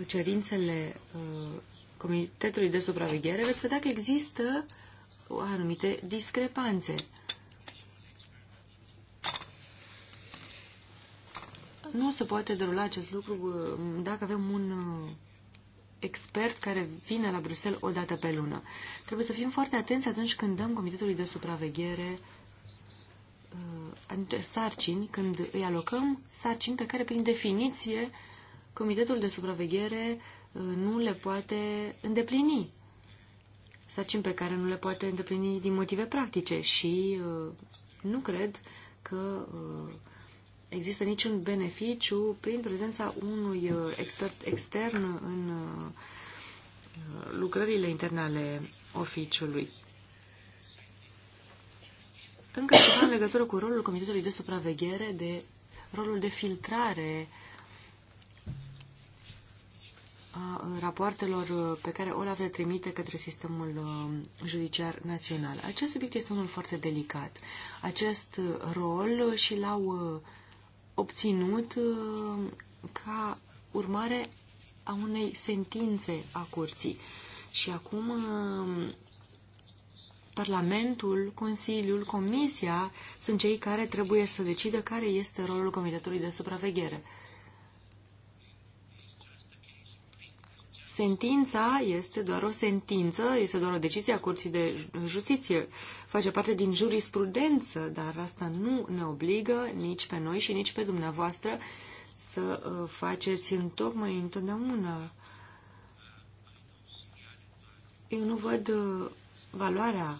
[SPEAKER 3] cerințele uh, Comitetului de Supraveghere, veți vedea că există anumite discrepanțe. Nu se poate derula acest lucru uh, dacă avem un uh, expert care vine la Bruxelles o dată pe lună. Trebuie să fim foarte atenți atunci când dăm Comitetului de Supraveghere sarcini, când îi alocăm sarcini pe care, prin definiție, Comitetul de supraveghere uh, nu le poate îndeplini. Sarcini pe care nu le poate îndeplini din motive practice și uh, nu cred că uh, există niciun beneficiu prin prezența unui expert extern în lucrările interne ale oficiului. Încă ceva în legătură cu rolul Comitetului de Supraveghere, de rolul de filtrare uh, rapoartelor uh, pe care Olaf le trimite către sistemul uh, judiciar național. Acest subiect este unul foarte delicat. Acest uh, rol și l-au obținut ca urmare a unei sentințe a curții. Și acum Parlamentul, Consiliul, Comisia sunt cei care trebuie să decidă care este rolul Comitetului de Supraveghere. sentința este doar o sentință, este doar o decizie a Curții de Justiție. Face parte din jurisprudență, dar asta nu ne obligă nici pe noi și nici pe dumneavoastră să uh, faceți întocmai întotdeauna. Eu nu văd uh, valoarea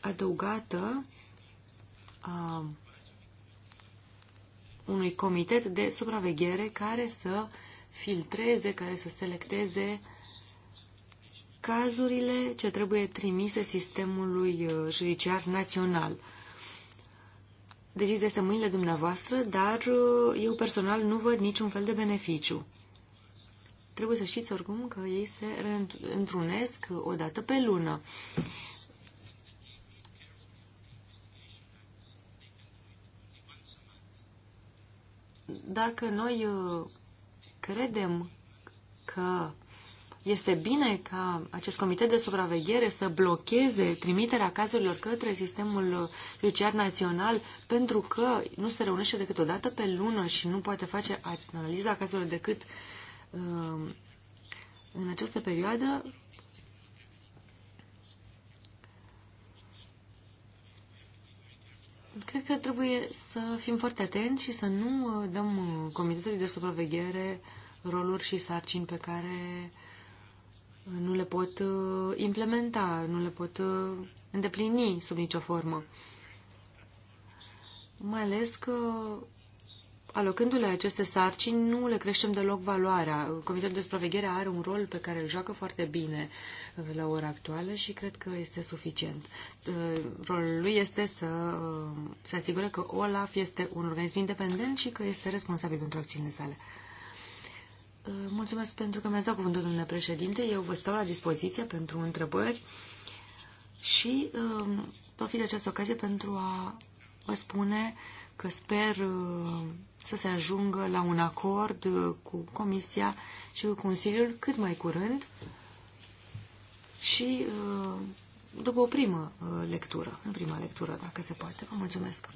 [SPEAKER 3] adăugată a unui comitet de supraveghere care să uh, filtreze, care să selecteze cazurile ce trebuie trimise sistemului uh, judiciar național. Decizia este în mâinile dumneavoastră, dar uh, eu personal nu văd niciun fel de beneficiu. Trebuie să știți oricum că ei se întrunesc uh, o dată pe lună. Dacă noi Credem că este bine ca acest comitet de supraveghere să blocheze trimiterea cazurilor către sistemul judiciar național pentru că nu se reunește decât o dată pe lună și nu poate face analiza cazurilor decât uh, în această perioadă Cred că trebuie să fim foarte atenți și să nu uh, dăm uh, Comitetului de Supraveghere roluri și sarcini pe care uh, nu le pot implementa, nu le pot îndeplini sub nicio formă. Mai ales că alocându-le aceste sarcini, nu le creștem deloc valoarea. Comitetul de supraveghere are un rol pe care îl joacă foarte bine uh, la ora actuală și cred că este suficient. Uh, rolul lui este să uh, se asigure că OLAF este un organism independent și că este responsabil pentru acțiunile sale. Mulțumesc pentru că mi-ați dat cuvântul, domnule președinte. Eu vă stau la dispoziție pentru întrebări și profit de această ocazie pentru a vă spune uh, că sper uh, să se ajungă la un acord uh, cu Comisia și cu Consiliul cât mai curând și uh, după o primă lectură, în prima lectură, dacă se poate. Vă mulțumesc!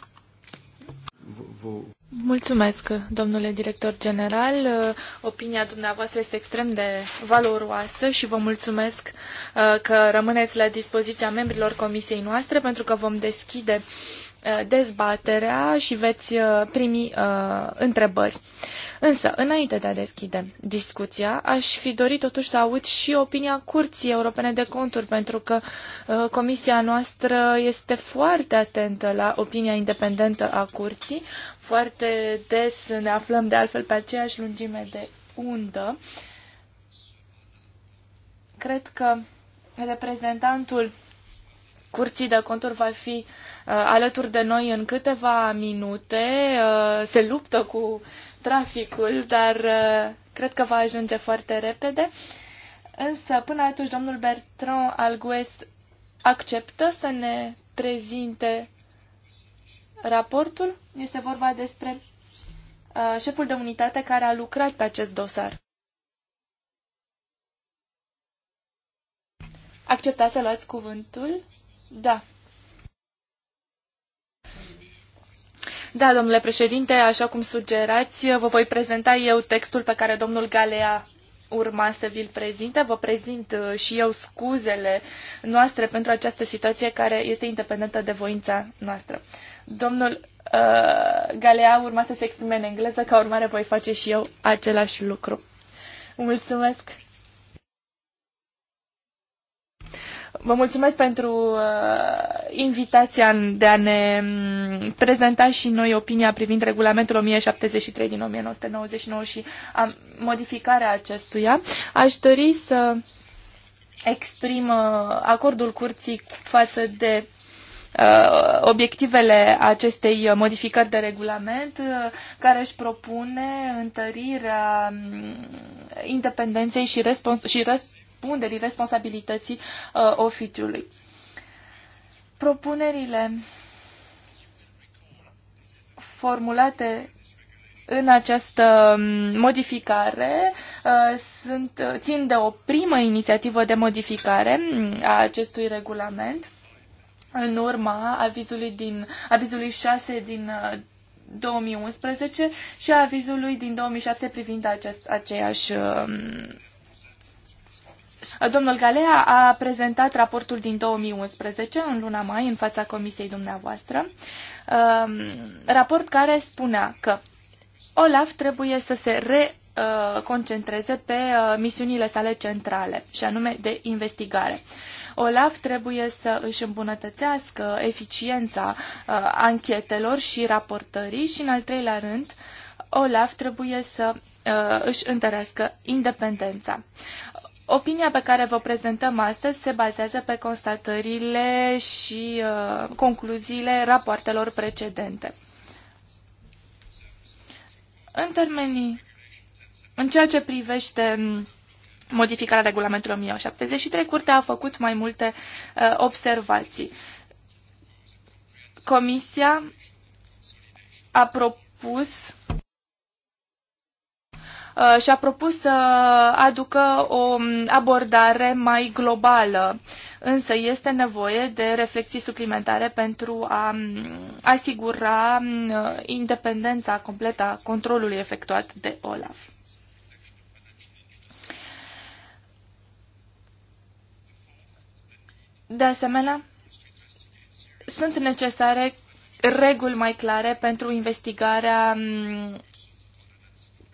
[SPEAKER 1] Mulțumesc, domnule director general. Opinia dumneavoastră este extrem de valoroasă și vă mulțumesc că rămâneți la dispoziția membrilor comisiei noastre pentru că vom deschide uh, Uh, dezbaterea și veți uh, primi uh, întrebări. Însă, înainte de a deschide discuția, aș fi dorit totuși să aud și opinia Curții Europene de Conturi, pentru că comisia noastră este foarte atentă la opinia independentă a Curții. Foarte des ne aflăm de altfel pe aceeași lungime de undă. Cred că reprezentantul Curții de Conturi va fi uh, alături de noi în câteva minute. Uh, se luptă cu traficul, dar uh, cred că va ajunge foarte repede. Însă, până atunci, domnul Bertrand Algues acceptă să ne prezinte raportul. Este vorba despre uh, șeful de unitate care a lucrat pe acest dosar. Acceptați să luați cuvântul? Da. Da, domnule președinte, așa cum sugerați, vă voi prezenta eu textul pe care domnul Galea urma să vi-l prezinte. Vă prezint uh, și eu scuzele noastre pentru această situație care este independentă de voința noastră. Domnul uh, Galea urma să se exprime în engleză, ca urmare voi face și eu același lucru. Mulțumesc! Vă mulțumesc pentru uh, invitația de a ne mm, prezenta și noi opinia privind regulamentul 1073 din 1999 și a, um, modificarea acestuia. Aș dori să exprim uh, acordul curții față de uh, obiectivele acestei modificări de regulament uh, care își propune întărirea mm, independenței și, respons- și răspunsului răspunderii, responsabilității uh, oficiului. Propunerile formulate în această um, modificare uh, sunt, uh, țin de o primă inițiativă de modificare mm, a acestui regulament în urma avizului, din, avizului 6 din 2011 uh, și avizului din 2007 privind acest, aceeași um, Domnul Galea a prezentat raportul din 2011, în luna mai, în fața comisiei dumneavoastră, um, raport care spunea că Olaf trebuie să se re uh, concentreze pe uh, misiunile sale centrale, și anume de investigare. Olaf trebuie să își îmbunătățească eficiența uh, anchetelor și raportării și, în al treilea rând, Olaf trebuie să își întărească independența. Opinia pe care vă prezentăm astăzi se bazează pe constatările și uh, concluziile rapoartelor precedente. În termenii, în ceea ce privește um, modificarea regulamentului 1073, Curtea a făcut mai multe uh, observații. Comisia a propus Uh, și-a propus să aducă o um, abordare mai globală, însă este nevoie de reflexii suplimentare pentru a um, asigura um, independența completă a controlului efectuat de OLAF. De asemenea, sunt necesare reguli mai clare pentru investigarea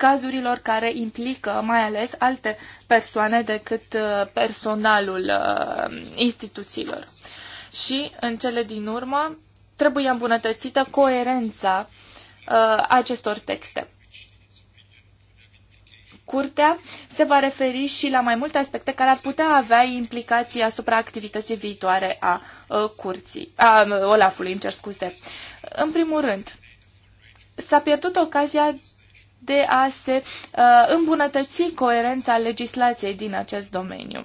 [SPEAKER 1] cazurilor care implică mai ales alte persoane decât uh, personalul uh, instituțiilor. Și, în cele din urmă, trebuie îmbunătățită coerența uh, acestor texte. Curtea se va referi și la mai multe aspecte care ar putea avea implicații asupra activității viitoare a curții, a um, Olafului, îmi cer scuze. În primul rând, s-a pierdut ocazia de a se uh, îmbunătăți coerența legislației din acest domeniu.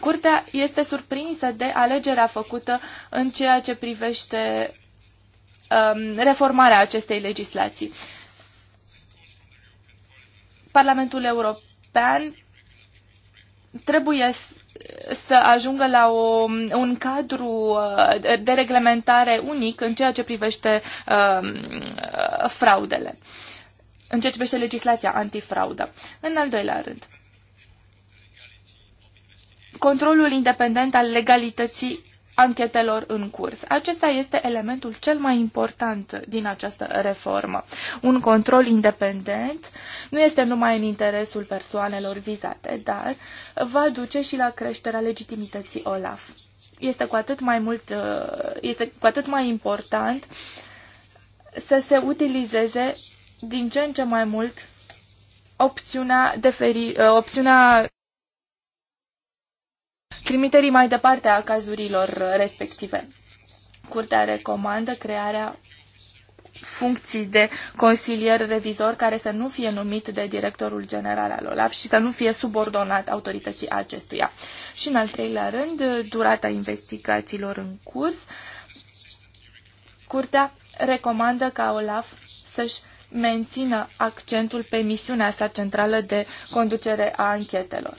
[SPEAKER 1] Curtea este surprinsă de alegerea făcută în ceea ce privește um, reformarea acestei legislații. Parlamentul European trebuie să ajungă la o, un cadru uh, de reglementare unic în ceea ce privește uh, fraudele, în ceea ce privește legislația antifraudă. În al doilea rând, controlul independent al legalității anchetelor în curs. Acesta este elementul cel mai important din această reformă. Un control independent nu este numai în interesul persoanelor vizate, dar va duce și la creșterea legitimității OLAF. Este cu atât mai mult, uh, este cu atât mai important să se utilizeze din ce în ce mai mult opțiunea, deferi, uh, opțiunea trimiterii mai departe a cazurilor respective. Curtea recomandă crearea funcții de consilier revizor care să nu fie numit de directorul general al OLAF și să nu fie subordonat autorității acestuia. Și în al treilea rând, durata investigațiilor în curs. Curtea recomandă ca OLAF să-și mențină accentul pe misiunea sa centrală de conducere a anchetelor.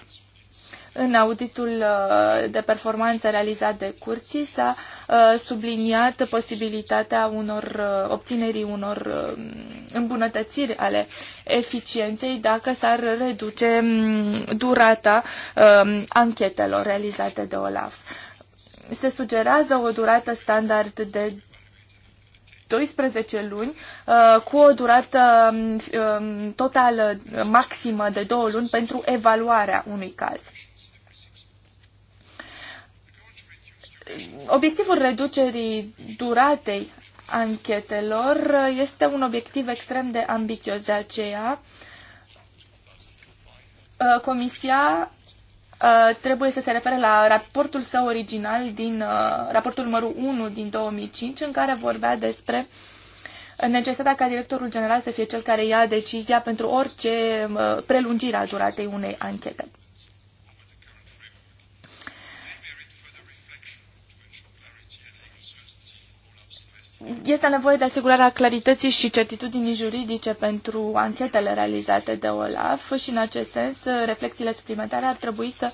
[SPEAKER 1] În auditul uh, de performanță realizat de curții s-a uh, subliniat posibilitatea unor uh, obținerii unor îmbunătățiri ale eficienței dacă s-ar reduce mm, durata um, anchetelor realizate de OLAF. Se sugerează o durată standard de 12 luni, cu o durată um, totală maximă de 2 luni pentru evaluarea unui caz. Obiectivul reducerii duratei anchetelor este un obiectiv extrem de ambițios, de aceea uh, Comisia uh, trebuie să se refere la raportul său original din uh, raportul numărul 1 din 2005 în care vorbea despre necesitatea ca directorul general să fie cel care ia decizia pentru orice prelungire a duratei unei anchete. este nevoie de asigurarea clarității și certitudinii juridice pentru anchetele realizate de OLAF și, în acest sens, reflexiile suplimentare ar trebui să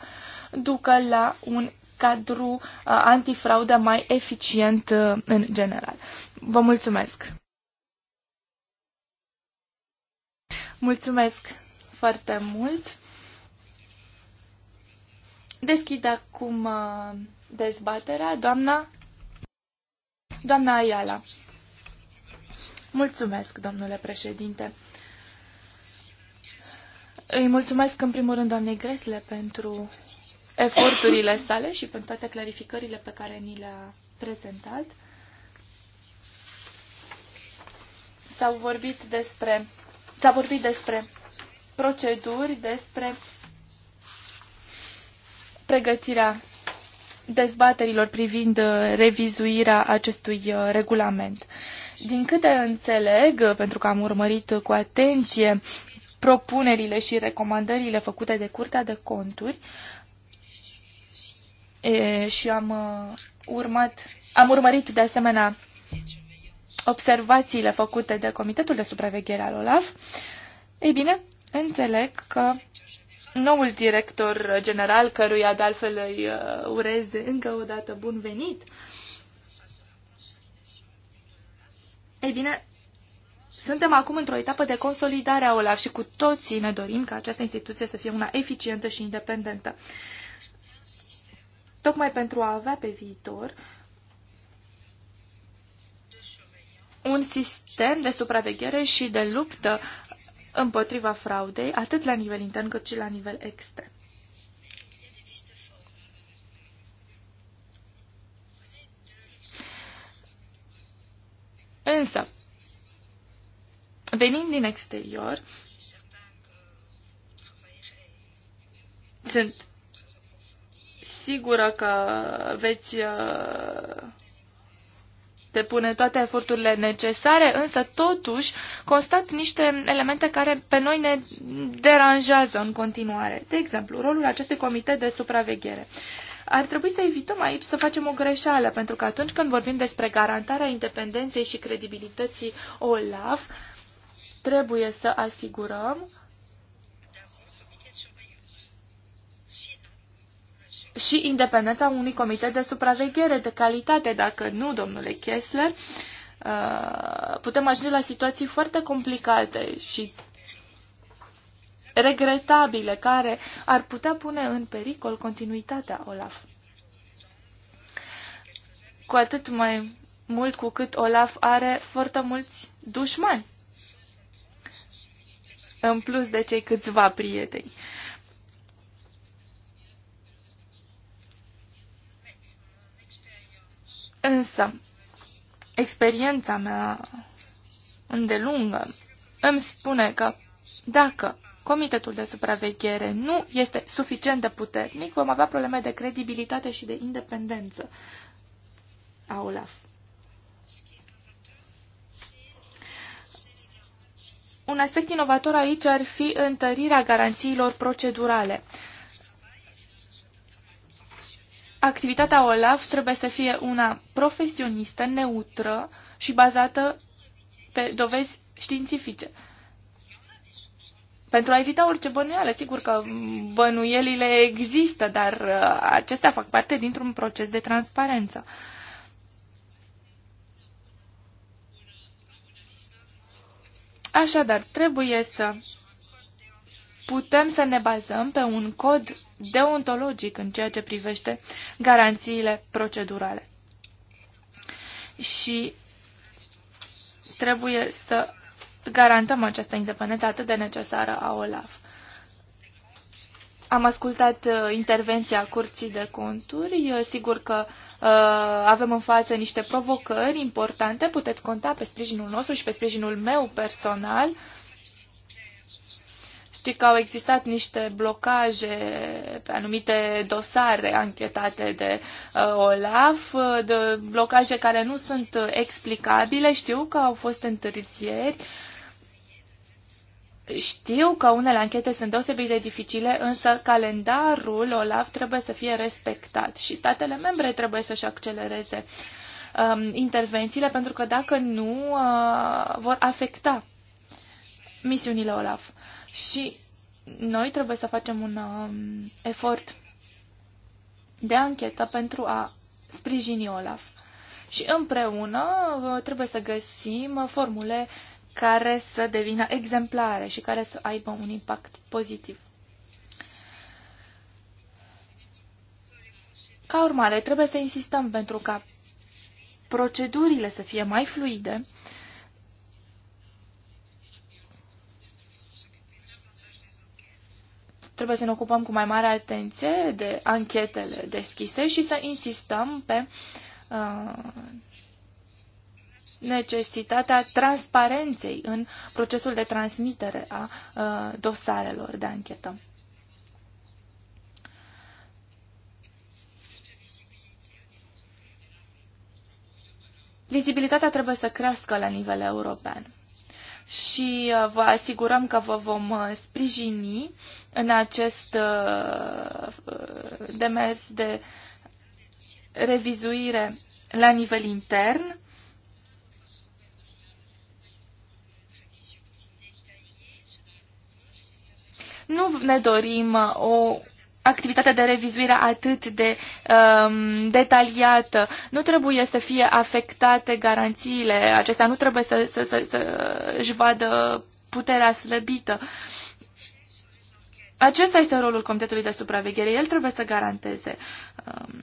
[SPEAKER 1] ducă la un cadru uh, antifraudă mai eficient uh, în general. Vă mulțumesc! Mulțumesc foarte mult! Deschid acum uh, dezbaterea. Doamna Doamna Ayala. Mulțumesc, domnule președinte. Îi mulțumesc în primul rând doamnei Gresle pentru eforturile sale și pentru toate clarificările pe care ni le-a prezentat. S-au vorbit despre s-a vorbit despre proceduri, despre pregătirea dezbaterilor privind uh, revizuirea acestui uh, regulament. Din câte înțeleg, uh, pentru că am urmărit cu atenție propunerile și recomandările făcute de Curtea de Conturi e, și am urmat, am urmărit de asemenea observațiile făcute de Comitetul de Supraveghere al OLAF, ei bine, înțeleg că noul director general, căruia de altfel îi uh, urez de încă o dată bun venit. Ei bine, suntem acum într-o etapă de consolidare a OLAF și cu toții ne dorim ca această instituție să fie una eficientă și independentă. Tocmai pentru a avea pe viitor un sistem de supraveghere și de luptă împotriva fraudei, atât la nivel intern cât și la nivel extern. Însă, venind din exterior, sunt sigură că veți uh, depune toate eforturile necesare, însă totuși constat niște elemente care pe noi ne deranjează în continuare. De exemplu, rolul acestui comitet de supraveghere. Ar trebui să evităm aici să facem o greșeală, pentru că atunci când vorbim despre garantarea independenței și credibilității OLAF, trebuie să asigurăm și independența unui comitet de supraveghere de calitate. Dacă nu, domnule Kessler, uh, putem ajunge la situații foarte complicate și regretabile care ar putea pune în pericol continuitatea Olaf. Cu atât mai mult cu cât Olaf are foarte mulți dușmani. În plus de cei câțiva prieteni. Uh, Însă, experiența mea îndelungă îmi spune că dacă Comitetul de supraveghere nu este suficient de puternic, vom avea probleme de credibilitate și de independență a OLAF. Un aspect inovator aici ar fi întărirea garanțiilor procedurale. Uh, activitatea OLAF trebuie să fie una profesionistă, neutră și bazată pe dovezi științifice. Pentru a evita orice bănuială, sigur că bănuielile există, dar uh, acestea fac parte dintr-un proces de transparență. Așadar, trebuie să putem să ne bazăm pe un cod deontologic în ceea ce privește garanțiile procedurale. Și trebuie să garantăm această independență atât de necesară a OLAF. Am ascultat uh, intervenția Curții de Conturi. Eu sigur că uh, avem în față niște provocări importante. Puteți conta pe sprijinul nostru și pe sprijinul meu personal uh, Știi că au existat niște blocaje pe anumite dosare anchetate de uh, OLAF, uh, de blocaje care nu sunt explicabile. Știu că au fost întârzieri. Știu că unele anchete sunt deosebit de dificile, însă calendarul OLAF trebuie să fie respectat și statele membre trebuie să-și accelereze um, intervențiile, pentru că dacă nu, uh, vor afecta misiunile OLAF și noi trebuie să facem un um, efort de anchetă pentru a sprijini Olaf. Și împreună uh, trebuie să găsim formule care să devină exemplare și care să aibă un impact pozitiv. Ca urmare, trebuie să insistăm pentru ca procedurile să fie mai fluide, uh, Trebuie să ne ocupăm cu mai mare atenție de anchetele deschise și să insistăm pe uh, necesitatea transparenței în procesul de transmitere a uh, dosarelor de anchetă. Vizibilitatea trebuie să crească la nivel european și uh, vă asigurăm că vă vom uh, sprijini în acest uh, demers de revizuire la nivel intern. Nu ne dorim o Activitatea de revizuire atât de um, detaliată. Nu trebuie să fie afectate garanțiile acestea, nu trebuie să, să, să, să își vadă puterea slăbită. Acesta este rolul Comitetului de Supraveghere. El trebuie să garanteze um,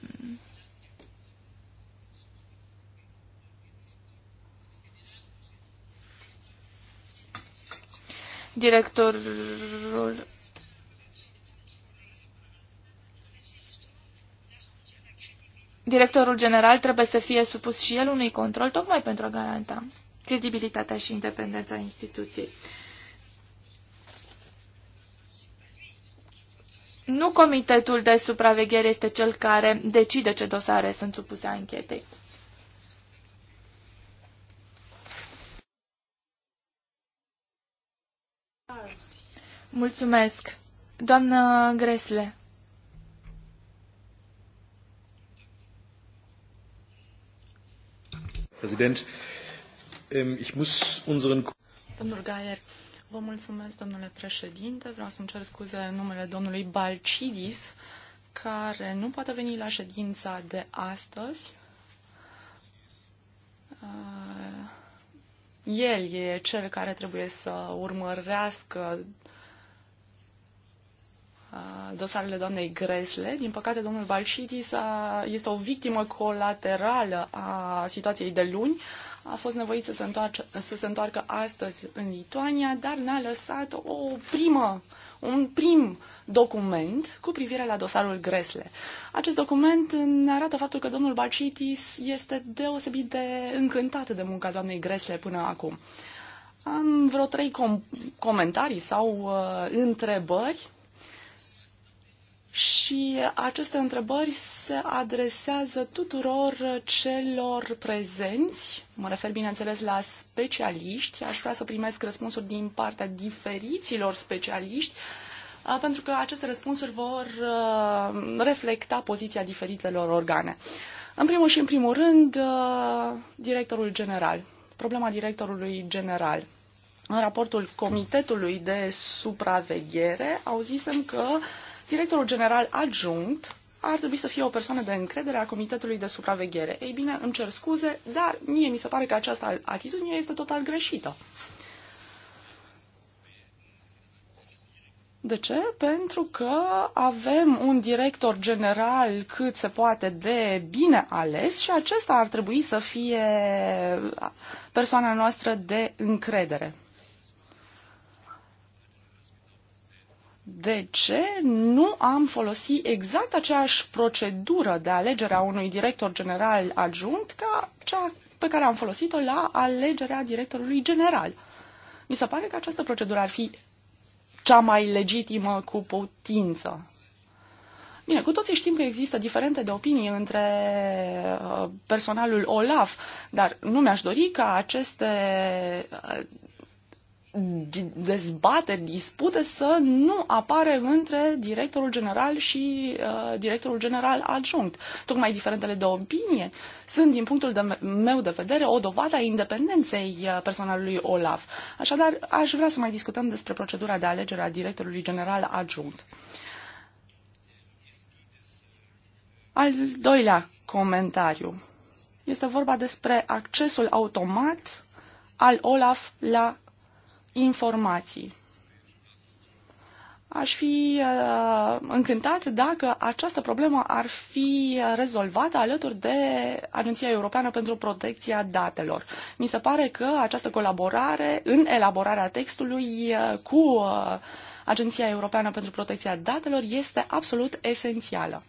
[SPEAKER 1] directorul directorul general trebuie să fie supus și el unui control, tocmai pentru a garanta credibilitatea și independența instituției. Nu comitetul de supraveghere este cel care decide ce dosare sunt supuse anchetei. Mulțumesc. Doamnă Gresle.
[SPEAKER 3] Präsident, ähm, ich muss unseren...
[SPEAKER 2] Domnul Gaier, vă mulțumesc, domnule președinte. Vreau să-mi cer scuze în numele domnului Balcidis, care nu poate veni la ședința de astăzi. Uh, el e cel care trebuie să urmărească Uh, dosarele doamnei Gresle. Din păcate, domnul Balcitis a, este o victimă colaterală a situației de luni. A fost nevoit să se, întoarce, să se întoarcă astăzi în Lituania, dar ne-a lăsat o primă, un prim document cu privire la dosarul Gresle. Acest document ne arată faptul că domnul Balcitis este deosebit de încântat de munca doamnei Gresle până acum. Am vreo trei com- comentarii sau uh, întrebări și aceste întrebări se adresează tuturor celor prezenți, mă refer bineînțeles la specialiști, aș vrea să primesc răspunsuri din partea diferiților specialiști, pentru că aceste răspunsuri vor reflecta poziția diferitelor organe. În primul și în primul rând, directorul general, problema directorului general în raportul Comitetului de Supraveghere auzisem că directorul general adjunct ar trebui să fie o persoană de încredere a Comitetului de Supraveghere. Ei bine, îmi cer scuze, dar mie mi se pare că această atitudine este total greșită. De ce? Pentru că avem un director general cât se poate de bine ales și acesta ar trebui să fie persoana noastră de încredere. de ce nu am folosit exact aceeași procedură de alegere a unui director general adjunct ca cea pe care am folosit-o la alegerea directorului general. Mi se pare că această procedură ar fi cea mai legitimă cu putință. Bine, cu toții știm că există diferente de opinii între uh, personalul OLAF, dar nu mi-aș dori ca aceste uh, dezbateri, dispute să nu apare între directorul general și uh, directorul general adjunct. Tocmai diferentele de opinie sunt, din punctul de meu de vedere, o dovadă a independenței uh, personalului OLAF. Așadar, aș vrea să mai discutăm despre procedura de alegere a directorului general adjunct. Al doilea comentariu este vorba despre accesul automat al OLAF la informații. Aș fi uh, încântat dacă această problemă ar fi rezolvată alături de Agenția Europeană pentru Protecția Datelor. Mi se pare că această colaborare în elaborarea textului uh, cu uh, Agenția Europeană pentru Protecția Datelor este absolut esențială.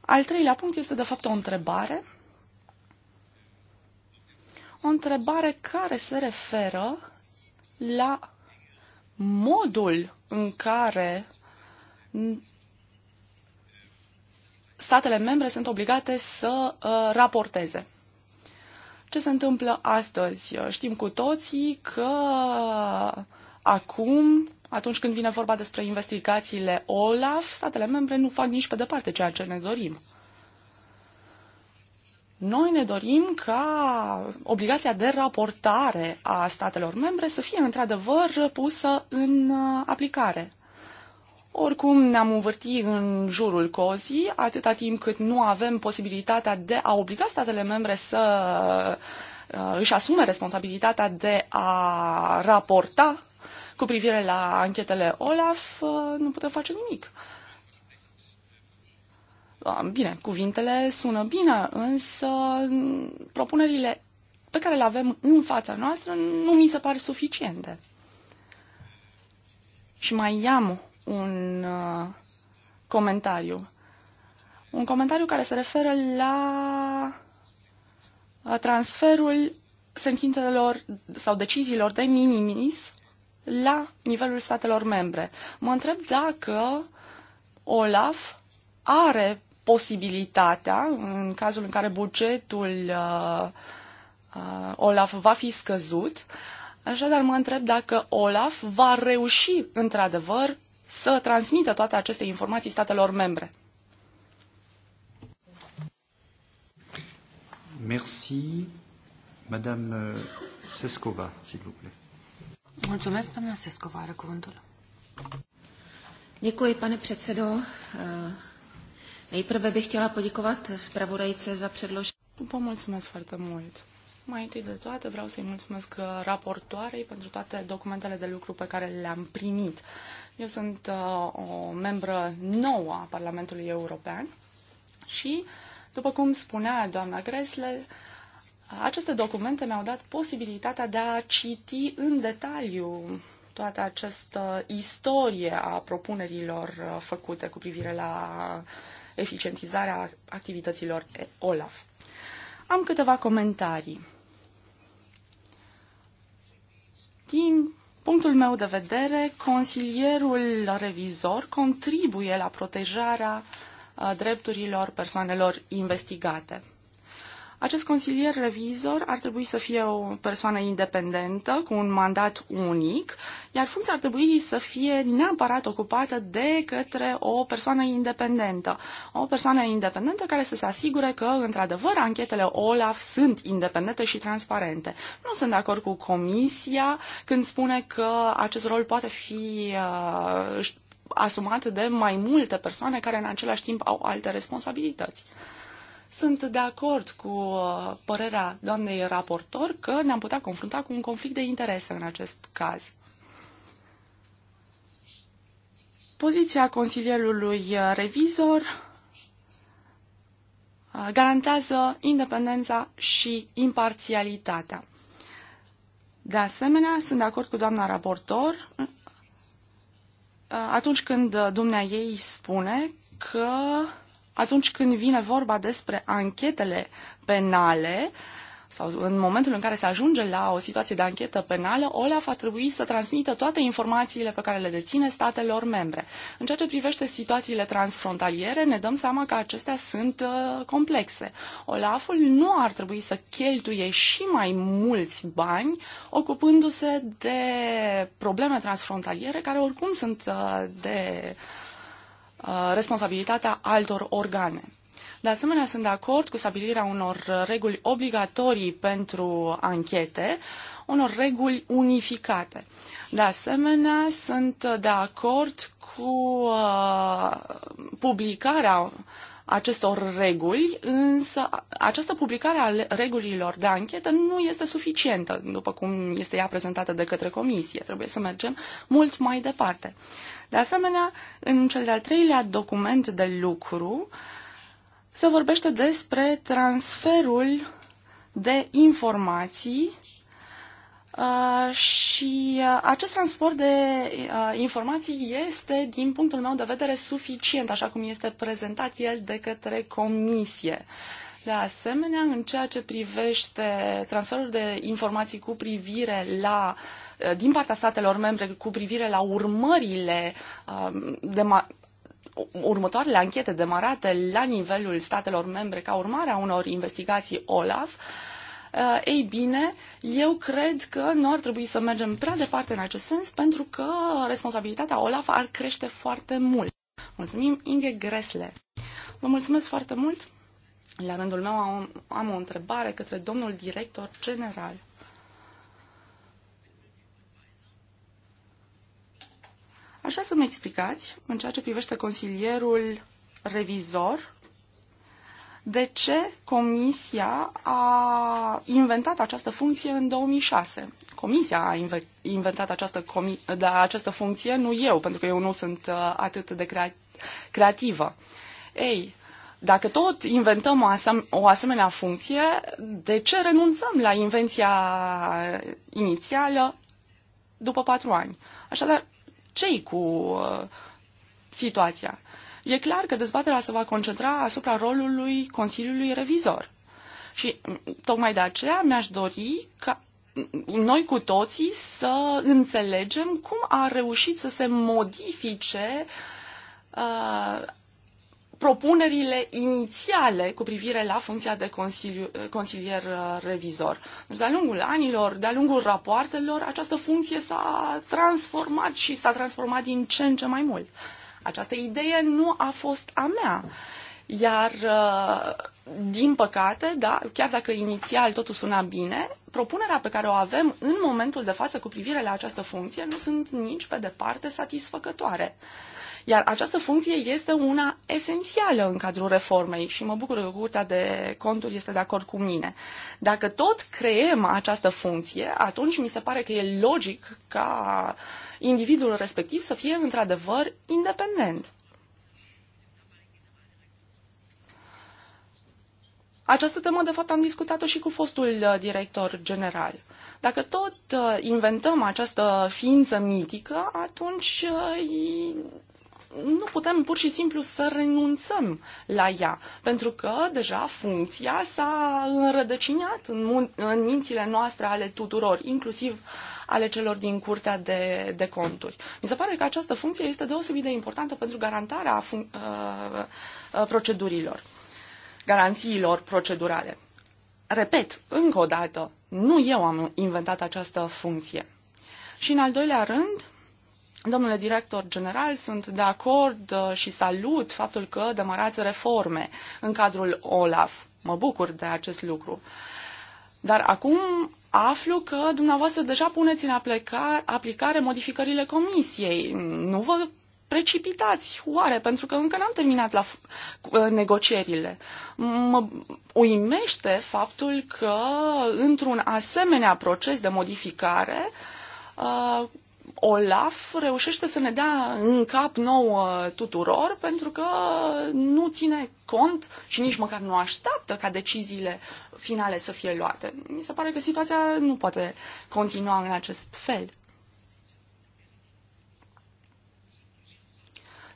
[SPEAKER 2] Al treilea punct este, de fapt, o întrebare o întrebare care se referă la modul în care statele membre sunt obligate să uh, raporteze. Ce se întâmplă astăzi? Știm cu toții că acum, atunci când vine vorba despre investigațiile OLAF, statele membre nu fac nici pe departe ceea ce ne dorim. Noi ne dorim ca obligația de raportare a statelor membre să fie într-adevăr pusă în uh, aplicare. Oricum ne-am învârti în jurul cozii, atâta timp cât nu avem posibilitatea de a obliga statele membre să uh, își asume responsabilitatea de a raporta cu privire la anchetele OLAF, uh, nu putem face nimic. Ah, bine, cuvintele sună bine, însă propunerile pe care le avem în fața noastră nu mi se par suficiente. Și mai am un uh, comentariu. Un comentariu care se referă la uh, transferul sentințelor sau deciziilor de minimis la nivelul statelor membre. Mă întreb dacă Olaf are posibilitatea, în cazul în care bugetul uh, uh, OLAF va fi scăzut, așadar mă întreb dacă OLAF va reuși, într-adevăr, să transmită toate aceste informații statelor membre.
[SPEAKER 1] Merci, Madame euh, Sescova, s'il vous plaît.
[SPEAKER 3] Mulțumesc, doamna Sescova, are cuvântul. Děkuji, pane předsedo. Eh,
[SPEAKER 2] Nejprve bych chtěla poděkovat zpravodajce za předložení. Vă mulțumesc foarte mult. Mai întâi de toate vreau să-i mulțumesc raportoarei pentru toate documentele de lucru pe care le-am primit. Eu sunt uh, o membră nouă a Parlamentului European și, după cum spunea doamna Gresle, aceste documente mi-au dat posibilitatea de a citi în detaliu toată această istorie a propunerilor uh, făcute cu privire la uh, eficientizarea activităților OLAF. Am câteva comentarii. Din punctul meu de vedere, consilierul revizor contribuie la protejarea uh, drepturilor persoanelor investigate. Acest consilier revizor ar trebui să fie o persoană independentă, cu un mandat unic, iar funcția ar trebui să fie neapărat ocupată de către o persoană independentă. O persoană independentă care să se asigure că, într-adevăr, anchetele OLAF sunt independente și transparente. Nu sunt de acord cu Comisia când spune că acest rol poate fi uh, asumat de mai multe persoane care în același timp au alte responsabilități. Sunt de acord cu uh, părerea doamnei raportor că ne-am putea confrunta cu un conflict de interese în acest caz. Poziția consilierului uh, revizor uh, garantează independența și imparțialitatea. De asemenea, sunt de acord cu doamna raportor atunci când dumnea ei spune că atunci când vine vorba despre anchetele penale, sau în momentul în care se ajunge la o situație de anchetă penală, OLAF a trebuit să transmită toate informațiile pe care le deține statelor membre. În ceea ce privește situațiile transfrontaliere, ne dăm seama că acestea sunt uh, complexe. OLAF-ul nu ar trebui să cheltuie și mai mulți bani ocupându-se de probleme transfrontaliere care oricum sunt uh, de uh, Uh, responsabilitatea altor organe. De asemenea, sunt de acord cu stabilirea unor reguli obligatorii pentru anchete, unor reguli unificate. De asemenea, sunt de acord cu uh, publicarea acestor reguli, însă această publicare a regulilor de anchetă nu este suficientă, după cum este ea prezentată de către comisie. Trebuie să mergem mult mai departe. De asemenea, în cel de-al treilea document de lucru se vorbește despre transferul de informații Uh, și uh, acest transport de uh, informații este, din punctul meu de vedere, suficient, așa cum este prezentat el de către comisie. De asemenea, în ceea ce privește transferul de informații cu privire la uh, Uh, din partea statelor membre cu privire la urmările uh, de următoarele anchete demarate la nivelul statelor membre ca urmare a unor investigații OLAF, uh, ei bine, eu cred că nu ar trebui să mergem prea departe în acest sens pentru că responsabilitatea OLAF ar crește foarte mult. Mulțumim, Inge Gresle. Vă mulțumesc foarte mult. La rândul meu am, am o întrebare către domnul director general. Aș vrea să-mi explicați, în ceea ce privește consilierul revizor, de ce Comisia a inventat această funcție în 2006. Comisia a inventat această, comi- da, această funcție, nu eu, pentru că eu nu sunt uh, atât de crea- creativă. Ei, dacă tot inventăm o, asem- o asemenea funcție, de ce renunțăm la invenția inițială după patru ani? Așadar, cei cu uh, situația. E clar că dezbaterea se va concentra asupra rolului Consiliului Revizor. Și mm, tocmai de aceea mi-aș dori ca mm, noi cu toții să înțelegem cum a reușit să se modifice uh, propunerile inițiale cu privire la funcția de eh, consilier eh, revizor. Deci, de-a lungul anilor, de-a lungul rapoartelor, această funcție s-a transformat și s-a transformat din ce în ce mai mult. Această idee nu a fost a mea. Iar, eh, din păcate, da, chiar dacă inițial totul suna bine, propunerea pe care o avem în momentul de față cu privire la această funcție nu sunt nici pe departe satisfăcătoare. Uh, iar această funcție este una esențială în cadrul reformei și mă bucur că Curtea de Conturi este de acord cu mine. Dacă tot creăm această funcție, atunci mi se pare că e logic ca individul respectiv să fie într-adevăr independent. Această temă, de fapt, am discutat-o și cu fostul uh, director general. Dacă tot uh, inventăm această ființă mitică, atunci uh, nu putem pur și simplu să renunțăm la ea, pentru că deja funcția s-a înrădăcinat în, în mințile noastre ale tuturor, inclusiv ale celor din Curtea de, de Conturi. Mi se pare că această funcție este deosebit de importantă pentru garantarea fun- uh, uh procedurilor, garanțiilor procedurale. Repet, încă o dată, nu eu am inventat această funcție. Și în al doilea rând, Domnule director general, sunt de acord uh, și salut faptul că demarați reforme în cadrul OLAF. Mă bucur de acest lucru. Dar acum aflu că dumneavoastră deja puneți în aplicare, modificările comisiei. Nu vă precipitați, oare? Pentru că încă n-am terminat la uh, negocierile. Mă uimește faptul că într-un asemenea proces de modificare uh, Olaf reușește să ne dea în cap nouă tuturor pentru că nu ține cont și nici măcar nu așteaptă ca deciziile finale să fie luate. Mi se pare că situația nu poate continua în acest fel.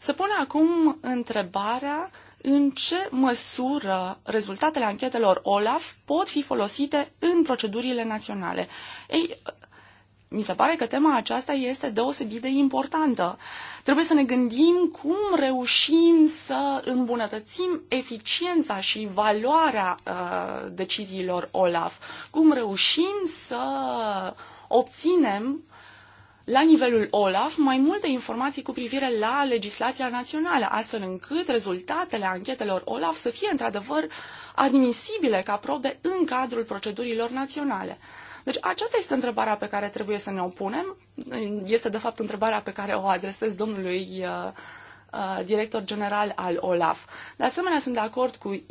[SPEAKER 2] Se pune acum întrebarea în ce măsură rezultatele anchetelor OLAF pot fi folosite în procedurile naționale. Ei, mi se pare că tema aceasta este deosebit de importantă. Trebuie să ne gândim cum reușim să îmbunătățim eficiența și valoarea uh, deciziilor OLAF, cum reușim să obținem la nivelul OLAF mai multe informații cu privire la legislația națională, astfel încât rezultatele anchetelor OLAF să fie într-adevăr admisibile ca probe în cadrul procedurilor naționale. Uh, deci aceasta este întrebarea pe care trebuie să ne o punem. Este de fapt întrebarea pe care o adresez domnului uh, uh, director general al OLAF. De asemenea, sunt de acord cu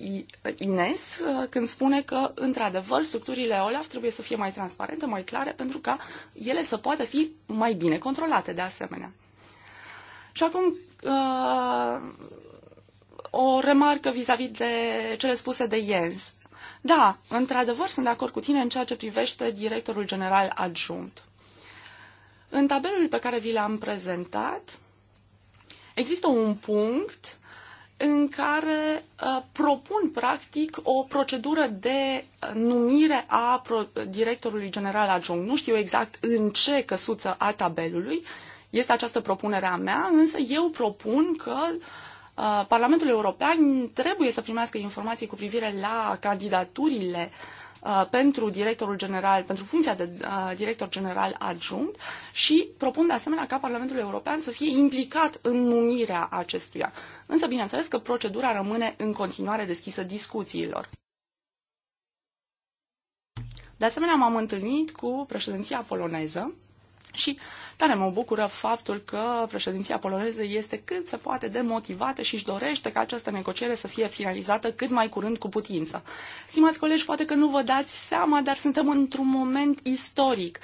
[SPEAKER 2] Ines uh, când spune că, într-adevăr, structurile OLAF trebuie să fie mai transparente, mai clare, pentru ca ele să poată fi mai bine controlate, de asemenea. Și acum, o remarcă vis-a-vis -vis de cele spuse de Jens. Da, într-adevăr sunt de acord cu tine în ceea ce privește directorul general adjunct. În tabelul pe care vi l-am prezentat, există un punct în care uh, propun practic o procedură de numire a directorului general adjunct. Nu știu exact în ce căsuță a tabelului este această propunere a mea, însă eu propun că uh, Uh, Parlamentul European trebuie să primească informații cu privire la candidaturile uh, pentru directorul general, pentru funcția de uh, director general adjunct și propun de asemenea ca Parlamentul European să fie implicat în numirea acestuia. Însă, bineînțeles că procedura rămâne în continuare deschisă discuțiilor. De asemenea, m-am întâlnit cu președinția poloneză și tare mă bucură faptul că președinția poloneză este cât se poate de motivată și își dorește ca această negociere să fie finalizată cât mai curând cu putință. Stimați colegi, poate că nu vă dați seama, dar suntem într-un moment istoric.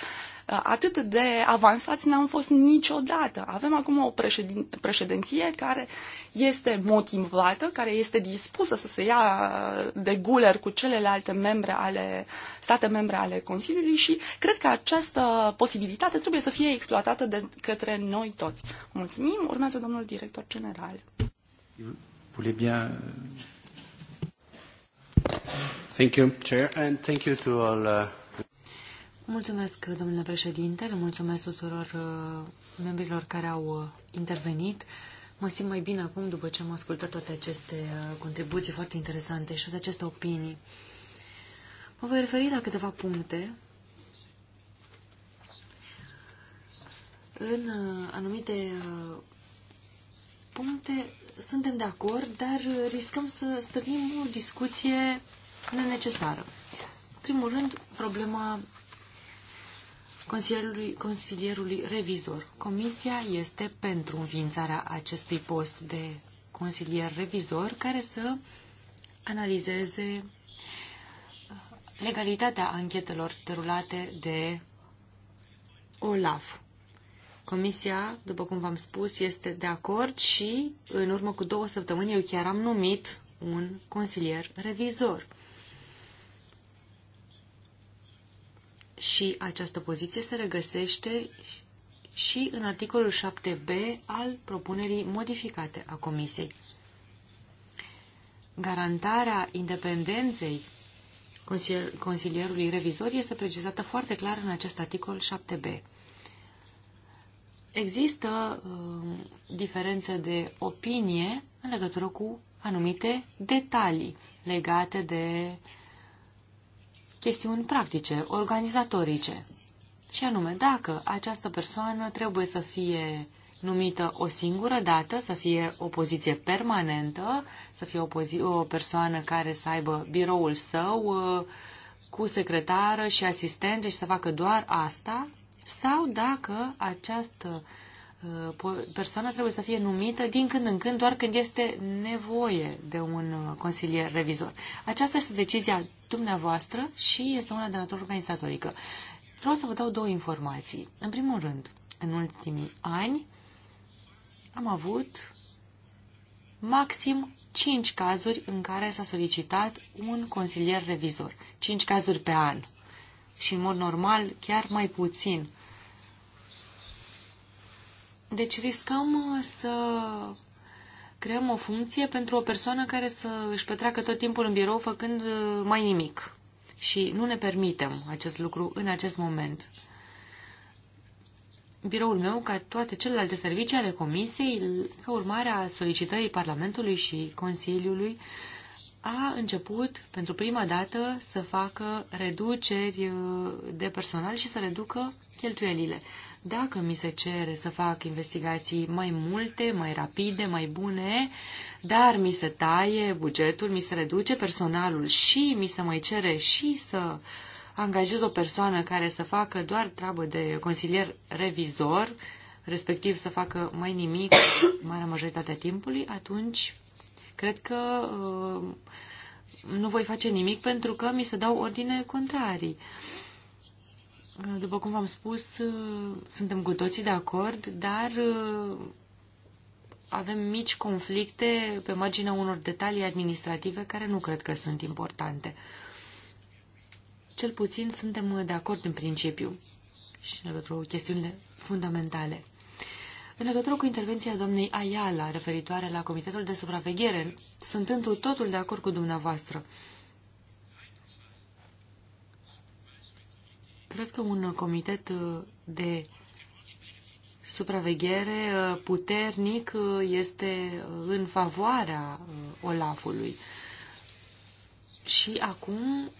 [SPEAKER 2] Uh, atât de avansați n-am fost niciodată. Avem acum o președin, președinție care este motivată, care este dispusă să se ia de guler cu celelalte membre ale, state membre ale Consiliului și cred că această posibilitate trebuie să fie exploatată de către noi toți. Mulțumim. Urmează domnul director general.
[SPEAKER 1] Euh, thank you, Chair, and thank you to all uh,
[SPEAKER 3] Mulțumesc, domnule președinte, le mulțumesc tuturor uh, membrilor care au uh, intervenit. Mă simt mai bine acum după ce am ascultat toate aceste uh, contribuții foarte interesante și toate aceste opinii. Mă voi referi la câteva puncte. În anumite puncte suntem de acord, dar riscăm să stârnim o discuție nenecesară. În primul rând, problema consilierului, consilierului revizor. Comisia este pentru înființarea acestui post de consilier revizor care să analizeze uh, legalitatea anchetelor derulate de OLAF. Comisia, după cum v-am spus, este de acord și în urmă cu două săptămâni eu chiar am numit un consilier revizor. Și această poziție se regăsește și în articolul 7b al propunerii modificate a Comisiei. Garantarea independenței consilierului revizor este precizată foarte clar în acest articol 7b. Există uh, diferențe de opinie în legătură cu anumite detalii legate de uh, chestiuni practice, organizatorice. Și anume, dacă această persoană trebuie să fie numită o singură dată, să fie o poziție permanentă, să fie o, o persoană care să aibă biroul său uh, cu secretară și asistente și să facă doar asta, sau dacă această persoana trebuie să fie numită din când în când, doar când este nevoie de un uh, consilier revizor. Aceasta este decizia dumneavoastră și este una de natură organizatorică. Vreau să vă dau două informații. În primul rând, în ultimii ani am avut maxim 5 cazuri în care s-a solicitat un consilier revizor. 5 cazuri pe an. Și în mod normal, chiar mai puțin deci riscăm uh, să creăm o funcție pentru o persoană care să își petreacă tot timpul în birou făcând uh, mai nimic. Și nu ne permitem acest lucru în acest moment. Biroul meu, ca toate celelalte servicii ale Comisiei, ca urmare a solicitării Parlamentului și Consiliului, a început pentru prima dată să facă reduceri uh, de personal și să reducă cheltuielile. Dacă mi se cere să fac investigații mai multe, mai rapide, mai bune, dar mi se taie bugetul, mi se reduce personalul și mi se mai cere și să angajez o persoană care să facă doar treabă de consilier revizor, respectiv să facă mai nimic marea majoritatea timpului, atunci cred că uh, nu voi face nimic pentru că mi se dau ordine contrarii. Uh, după cum v-am spus, uh, suntem cu toții de acord, dar uh, avem mici conflicte pe marginea unor detalii administrative care nu cred că sunt importante. Cel puțin suntem de acord în principiu și în legătură cu chestiunile fundamentale. În legătură cu intervenția doamnei Ayala referitoare la Comitetul de Supraveghere, sunt întru totul de acord cu dumneavoastră. Cred că un comitet uh, de supraveghere uh, puternic uh, este în favoarea Olafului. Și acum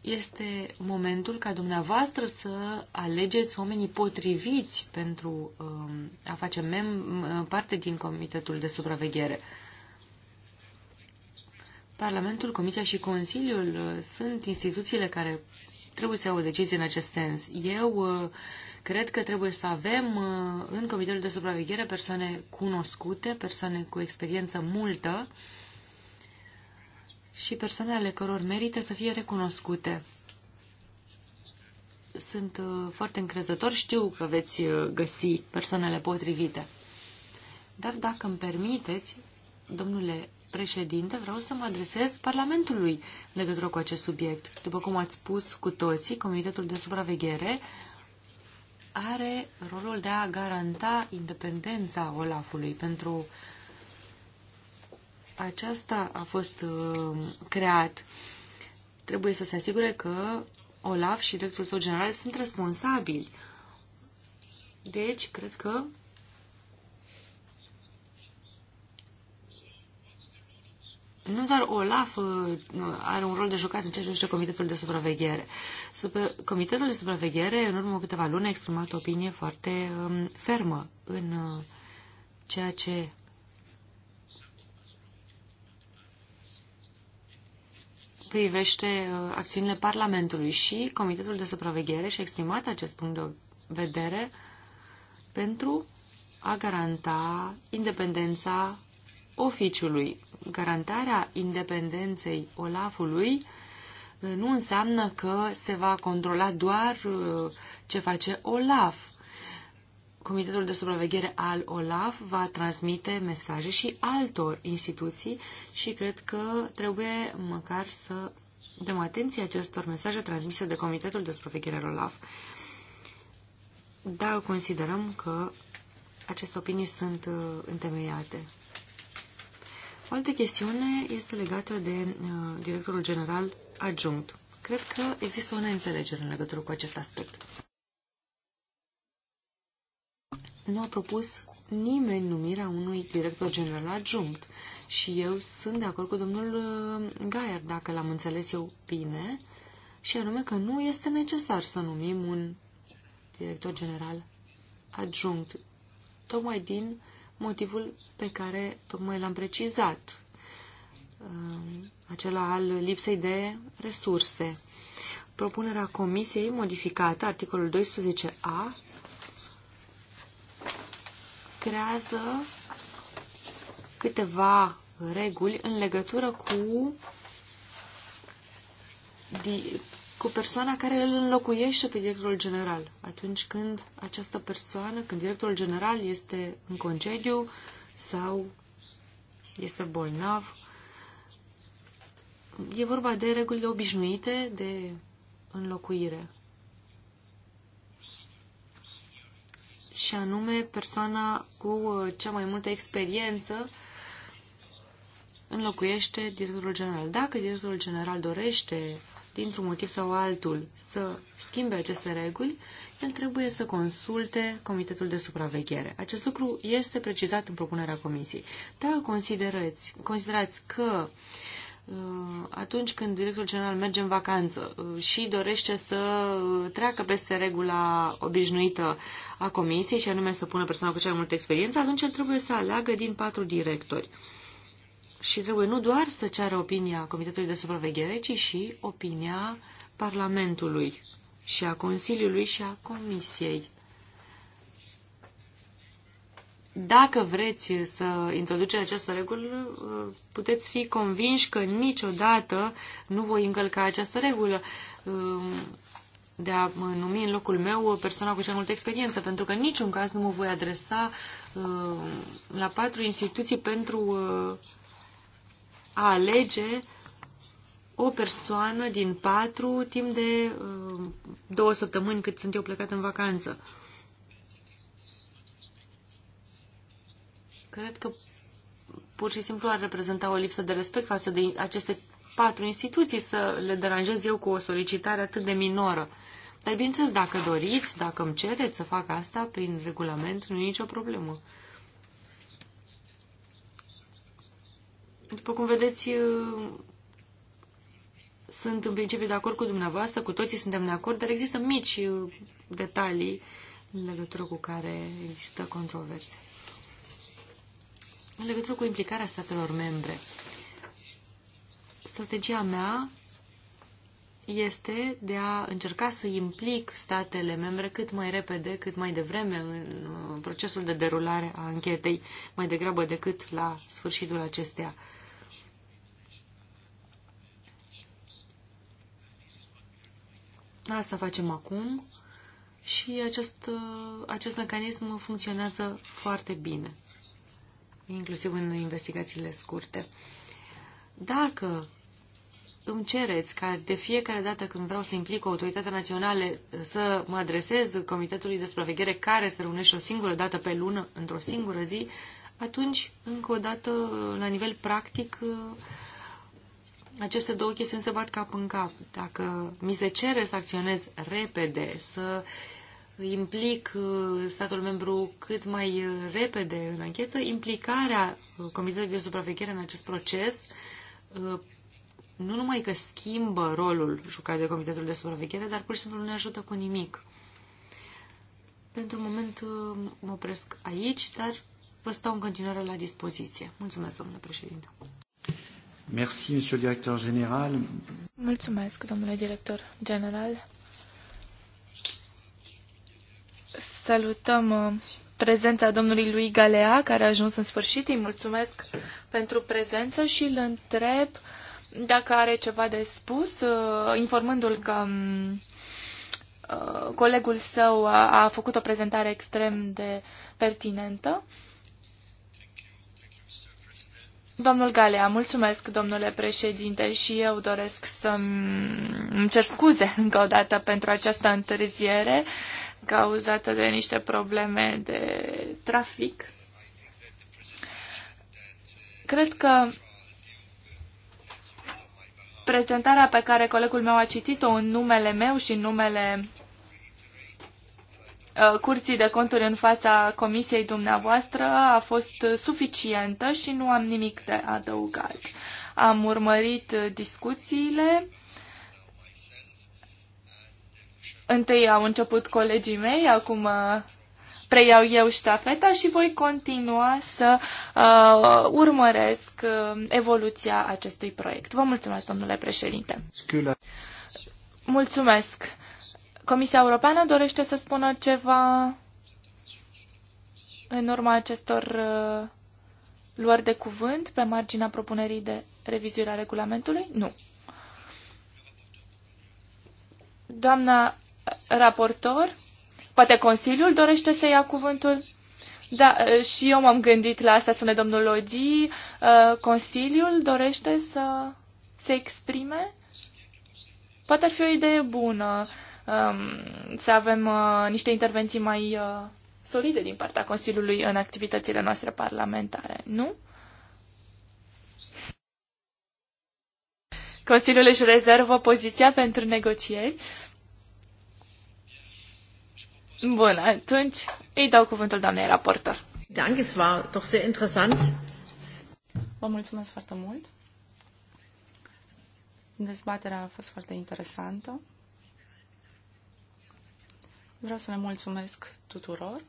[SPEAKER 3] este momentul ca dumneavoastră să alegeți oamenii potriviți pentru um, a face mem- parte din comitetul de supraveghere. Parlamentul, Comisia și Consiliul sunt instituțiile care trebuie să iau o decizie în acest sens. Eu uh, cred că trebuie să avem uh, în Comitetul de Supraveghere persoane cunoscute, persoane cu experiență multă și persoane ale căror merită să fie recunoscute. Sunt uh, foarte încrezător, știu că veți găsi persoanele potrivite. Dar dacă îmi permiteți, domnule președinte, vreau să mă adresez Parlamentului în legătură cu acest subiect. După cum ați spus cu toții, Comitetul de Supraveghere are rolul de a garanta independența Olafului. Pentru aceasta a fost uh, creat. Trebuie să se asigure că Olaf și directorul său general sunt responsabili. Deci, cred că nu doar OLAF uh, are un rol de jucat în ceea ce privește Comitetul de Supraveghere. Super, Comitetul de Supraveghere, în urmă câteva luni, a exprimat o opinie foarte um, fermă în uh, ceea ce privește uh, acțiunile Parlamentului și Comitetul de Supraveghere și-a exprimat acest punct de vedere pentru a garanta independența oficiului garantarea independenței Olafului eh, nu înseamnă că se va controla doar eh, ce face Olaf. Comitetul de supraveghere al OLAF va transmite mesaje și altor instituții și cred că trebuie măcar să dăm atenție acestor mesaje transmise de Comitetul de supraveghere al OLAF, dar considerăm că aceste opinii sunt eh, întemeiate. O altă chestiune este legată de uh, directorul general adjunct. Cred că există o neînțelegere în legătură cu acest aspect. Nu a propus nimeni numirea unui director general adjunct și eu sunt de acord cu domnul uh, Gaier, dacă l-am înțeles eu bine, și anume că nu este necesar să numim un director general adjunct, tocmai din motivul pe care tocmai l-am precizat, um, acela al lipsei de resurse. Propunerea Comisiei modificată, articolul 12a, creează câteva reguli în legătură cu cu persoana care îl înlocuiește pe directorul general. Atunci când această persoană, când directorul general este în concediu sau este bolnav, e vorba de regulile obișnuite de înlocuire. Și anume persoana cu uh, cea mai multă experiență înlocuiește directorul general. Dacă directorul general dorește dintr-un motiv sau altul, să schimbe aceste reguli, el trebuie să consulte Comitetul de Supraveghere. Acest lucru este precizat în propunerea Comisiei. Dacă considerați, considerați că uh, atunci când directorul general merge în vacanță uh, și dorește să treacă peste regula obișnuită a comisiei și anume să pună persoana cu cea mai multă experiență, atunci el trebuie să aleagă din patru directori și trebuie nu doar să ceară opinia Comitetului de Supraveghere, ci și opinia Parlamentului și a Consiliului și a Comisiei. Dacă vreți să introduceți această regulă, puteți fi convinși că niciodată nu voi încălca această regulă de a numi în locul meu persoana cu cea multă experiență, pentru că în niciun caz nu mă voi adresa uh, la patru instituții pentru uh, a alege o persoană din patru timp de uh, două săptămâni cât sunt eu plecat în vacanță. Cred că pur și simplu ar reprezenta o lipsă de respect față de aceste patru instituții să le deranjez eu cu o solicitare atât de minoră. Dar bineînțeles, dacă doriți, dacă îmi cereți să fac asta prin regulament, nu e nicio problemă. După cum vedeți, sunt în principiu de acord cu dumneavoastră, cu toții suntem de acord, dar există mici detalii în legătură cu care există controverse. În legătură cu implicarea statelor membre, strategia mea este de a încerca să implic statele membre cât mai repede, cât mai devreme în procesul de derulare a anchetei, mai degrabă decât la sfârșitul acesteia. Asta facem acum și acest, uh, acest mecanism funcționează foarte bine, inclusiv în investigațiile scurte. Dacă îmi cereți ca de fiecare dată când vreau să implic o autoritate națională să mă adresez Comitetului de Supraveghere care se reunește o singură dată pe lună, într-o singură zi, atunci, încă o dată, la nivel practic, uh, aceste două chestiuni se bat cap în cap. Dacă mi se cere să acționez repede, să implic uh, statul membru cât mai uh, repede în anchetă, implicarea uh, Comitetului de Supraveghere în acest proces nu numai că schimbă rolul jucat de Comitetul de Supraveghere, dar pur și simplu nu ne ajută cu nimic. Pentru moment mă opresc aici, dar vă stau în continuare la dispoziție. Mulțumesc, domnule președinte.
[SPEAKER 1] Merci, monsieur le directeur général. Mulțumesc, domnule director general. Salutăm uh, prezența domnului lui Galea, care a ajuns în sfârșit. Îi mulțumesc pentru prezență și îl întreb dacă are ceva de spus, uh, informându-l că um, uh, colegul său a, a făcut o prezentare extrem de pertinentă. Domnul Galea, mulțumesc, domnule președinte, și eu doresc să îmi cer scuze *laughs* încă o dată pentru această întârziere cauzată de niște probleme de trafic. Cred că prezentarea pe care colegul meu a citit-o în numele meu și în numele Uh, curții de Conturi în fața comisiei dumneavoastră a fost suficientă și nu am nimic de adăugat. Am urmărit discuțiile. Întâi au început colegii mei, acum uh, preiau eu ștafeta și voi continua să uh, urmăresc uh, evoluția acestui proiect. Vă mulțumesc, domnule președinte. Mulțumesc. Comisia Europeană dorește să spună ceva în urma acestor uh, luări de cuvânt pe marginea propunerii de revizuire a regulamentului? Nu. Doamna uh, raportor, poate Consiliul dorește să ia cuvântul? Da, uh, și eu m-am gândit la asta, spune domnul Logi. Consiliul dorește să se exprime? Poate ar fi o idee bună Um, să avem uh, niște intervenții mai uh, solide din partea Consiliului în activitățile noastre parlamentare, nu? Consiliul își rezervă poziția pentru negocieri. Bun, atunci îi dau cuvântul doamnei raportor. Dank,
[SPEAKER 2] es war doch sehr interessant. Vă mulțumesc foarte mult. Dezbaterea a fost foarte interesantă. Vreau să le mulțumesc tuturor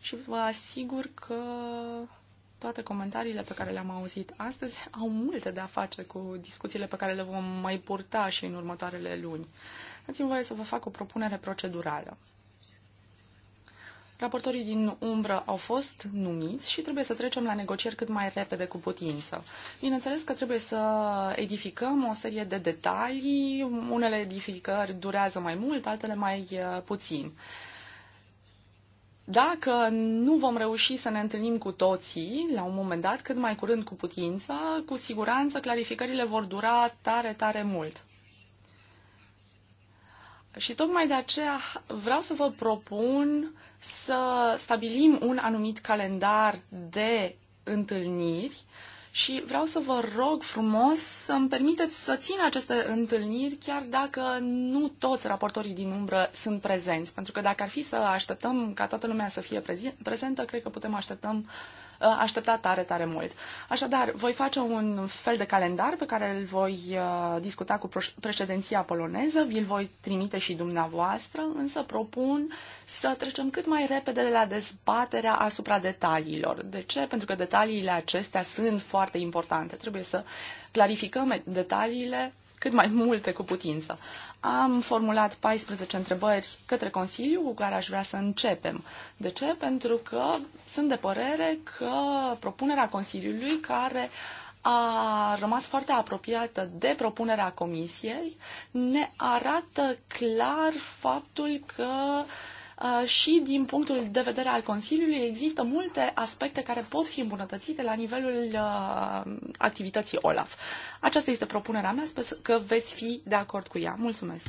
[SPEAKER 2] și vă asigur că toate comentariile pe care le-am auzit astăzi *laughs* au multe de a face cu discuțiile pe care le vom mai purta și în următoarele luni. Dați-mi voie să vă fac o propunere procedurală. Raportorii din umbră au fost numiți și trebuie să trecem la negocieri cât mai repede cu putință. Bineînțeles că trebuie să edificăm o serie de detalii, unele edificări durează mai mult, altele mai uh, puțin. Dacă nu vom reuși să ne întâlnim cu toții la un moment dat, cât mai curând cu putință, cu siguranță clarificările vor dura tare, tare mult. Și tocmai de aceea vreau să vă propun să stabilim un anumit calendar de întâlniri și vreau să vă rog frumos să-mi permiteți să țin aceste întâlniri chiar dacă nu toți raportorii din umbră sunt prezenți, pentru că dacă ar fi să așteptăm ca toată lumea să fie prezentă, cred că putem așteptăm uh, Uh, aștepta tare, tare mult. Așadar, voi face un fel de calendar pe care îl voi uh, discuta cu președinția poloneză, vi-l voi trimite și dumneavoastră, însă propun să trecem cât mai repede de la dezbaterea asupra detaliilor. De ce? Pentru că detaliile acestea sunt foarte importante. Trebuie să clarificăm detaliile cât mai multe cu putință am formulat 14 întrebări către Consiliu cu care aș vrea să începem. De ce? Pentru că sunt de părere că propunerea Consiliului care a rămas foarte apropiată de propunerea Comisiei ne arată clar faptul că uh, Uh, și din punctul de vedere al Consiliului există multe aspecte care pot fi îmbunătățite la nivelul uh, activității OLAF. Aceasta este propunerea mea, sper că veți fi de acord cu ea. Mulțumesc!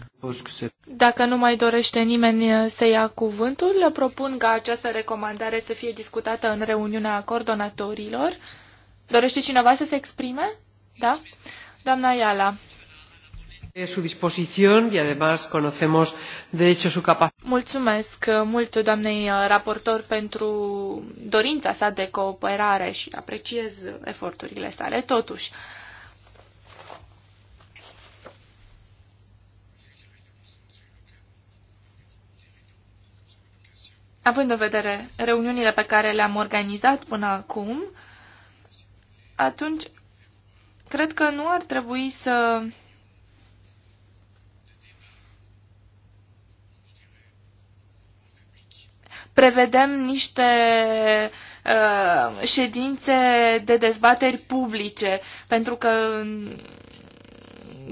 [SPEAKER 2] Dacă nu mai
[SPEAKER 1] dorește nimeni uh, să ia cuvântul, propun ca această recomandare să fie discutată în reuniunea coordonatorilor. Dorește cineva să se exprime? Da? Doamna Iala,
[SPEAKER 3] Eh, su disposición y además conocemos de hecho su capacidad.
[SPEAKER 1] Mulțumesc eh, mult doamnei eh, raportor pentru dorința sa de cooperare și apreciez eforturile sale totuși. Având în vedere reuniunile pe care le-am organizat până acum, atunci cred că nu ar trebui să prevedem niște uh, ședințe de dezbateri publice, pentru că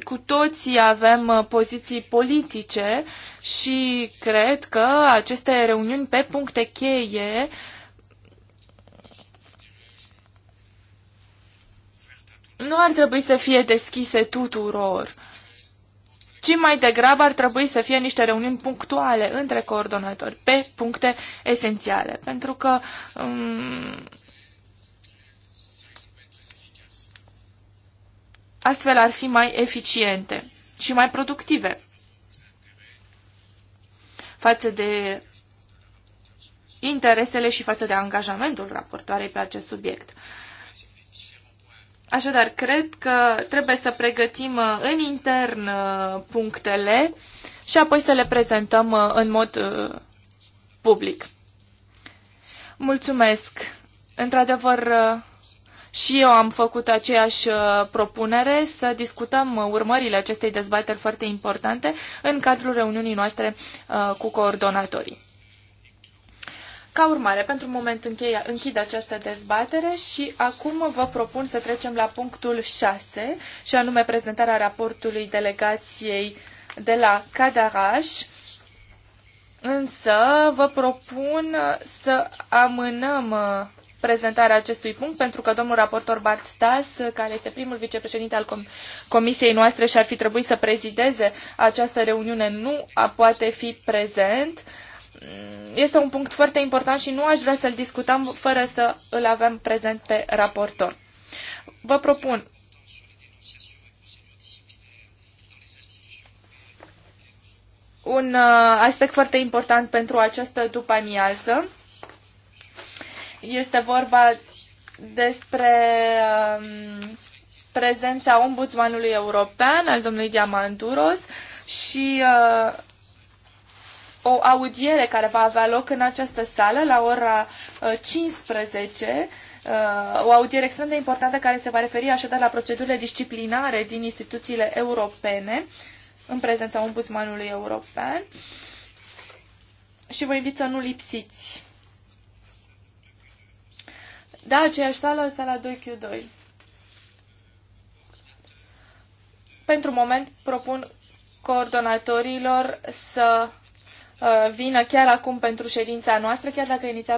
[SPEAKER 1] cu toții avem uh, poziții politice și cred că aceste reuniuni pe puncte cheie nu ar trebui să fie deschise tuturor ci mai degrabă ar trebui să fie niște reuniuni punctuale între coordonatori pe puncte esențiale, pentru că um, astfel ar fi mai eficiente și mai productive față de interesele și față de angajamentul raportoarei pe acest subiect. Așadar, cred că trebuie să pregătim uh, în intern uh, punctele și apoi să le prezentăm uh, în mod public. Mulțumesc! Într-adevăr, și eu am făcut aceeași propunere să discutăm urmările acestei dezbateri foarte importante în cadrul reuniunii noastre cu coordonatorii. Ca urmare, pentru moment încheia, închid această dezbatere și acum vă propun să trecem la punctul 6, și anume prezentarea raportului delegației de la Cadaraș. Însă vă propun să amânăm uh, prezentarea acestui punct, pentru că domnul raportor Bart Stas, uh, care este primul vicepreședinte al comisiei noastre și ar fi trebuit să prezideze această reuniune, nu a poate fi prezent. Uh, este un punct foarte important și nu aș vrea să-l discutăm fără să îl avem prezent pe raportor. Vă propun un uh, aspect foarte important pentru această după amiază. Este vorba despre um, prezența ombudsmanului european, al domnului Diamanduros, și uh, o audiere care va avea loc în această sală la ora 15, uh, uh, o audiere extrem de importantă care se va referi așadar la procedurile disciplinare din instituțiile europene în prezența ombudsmanului european și vă invit să nu lipsiți. Da, aceeași sală, sala 2Q2. Pentru moment propun coordonatorilor să Uh, vină chiar acum pentru ședința noastră, chiar dacă inițial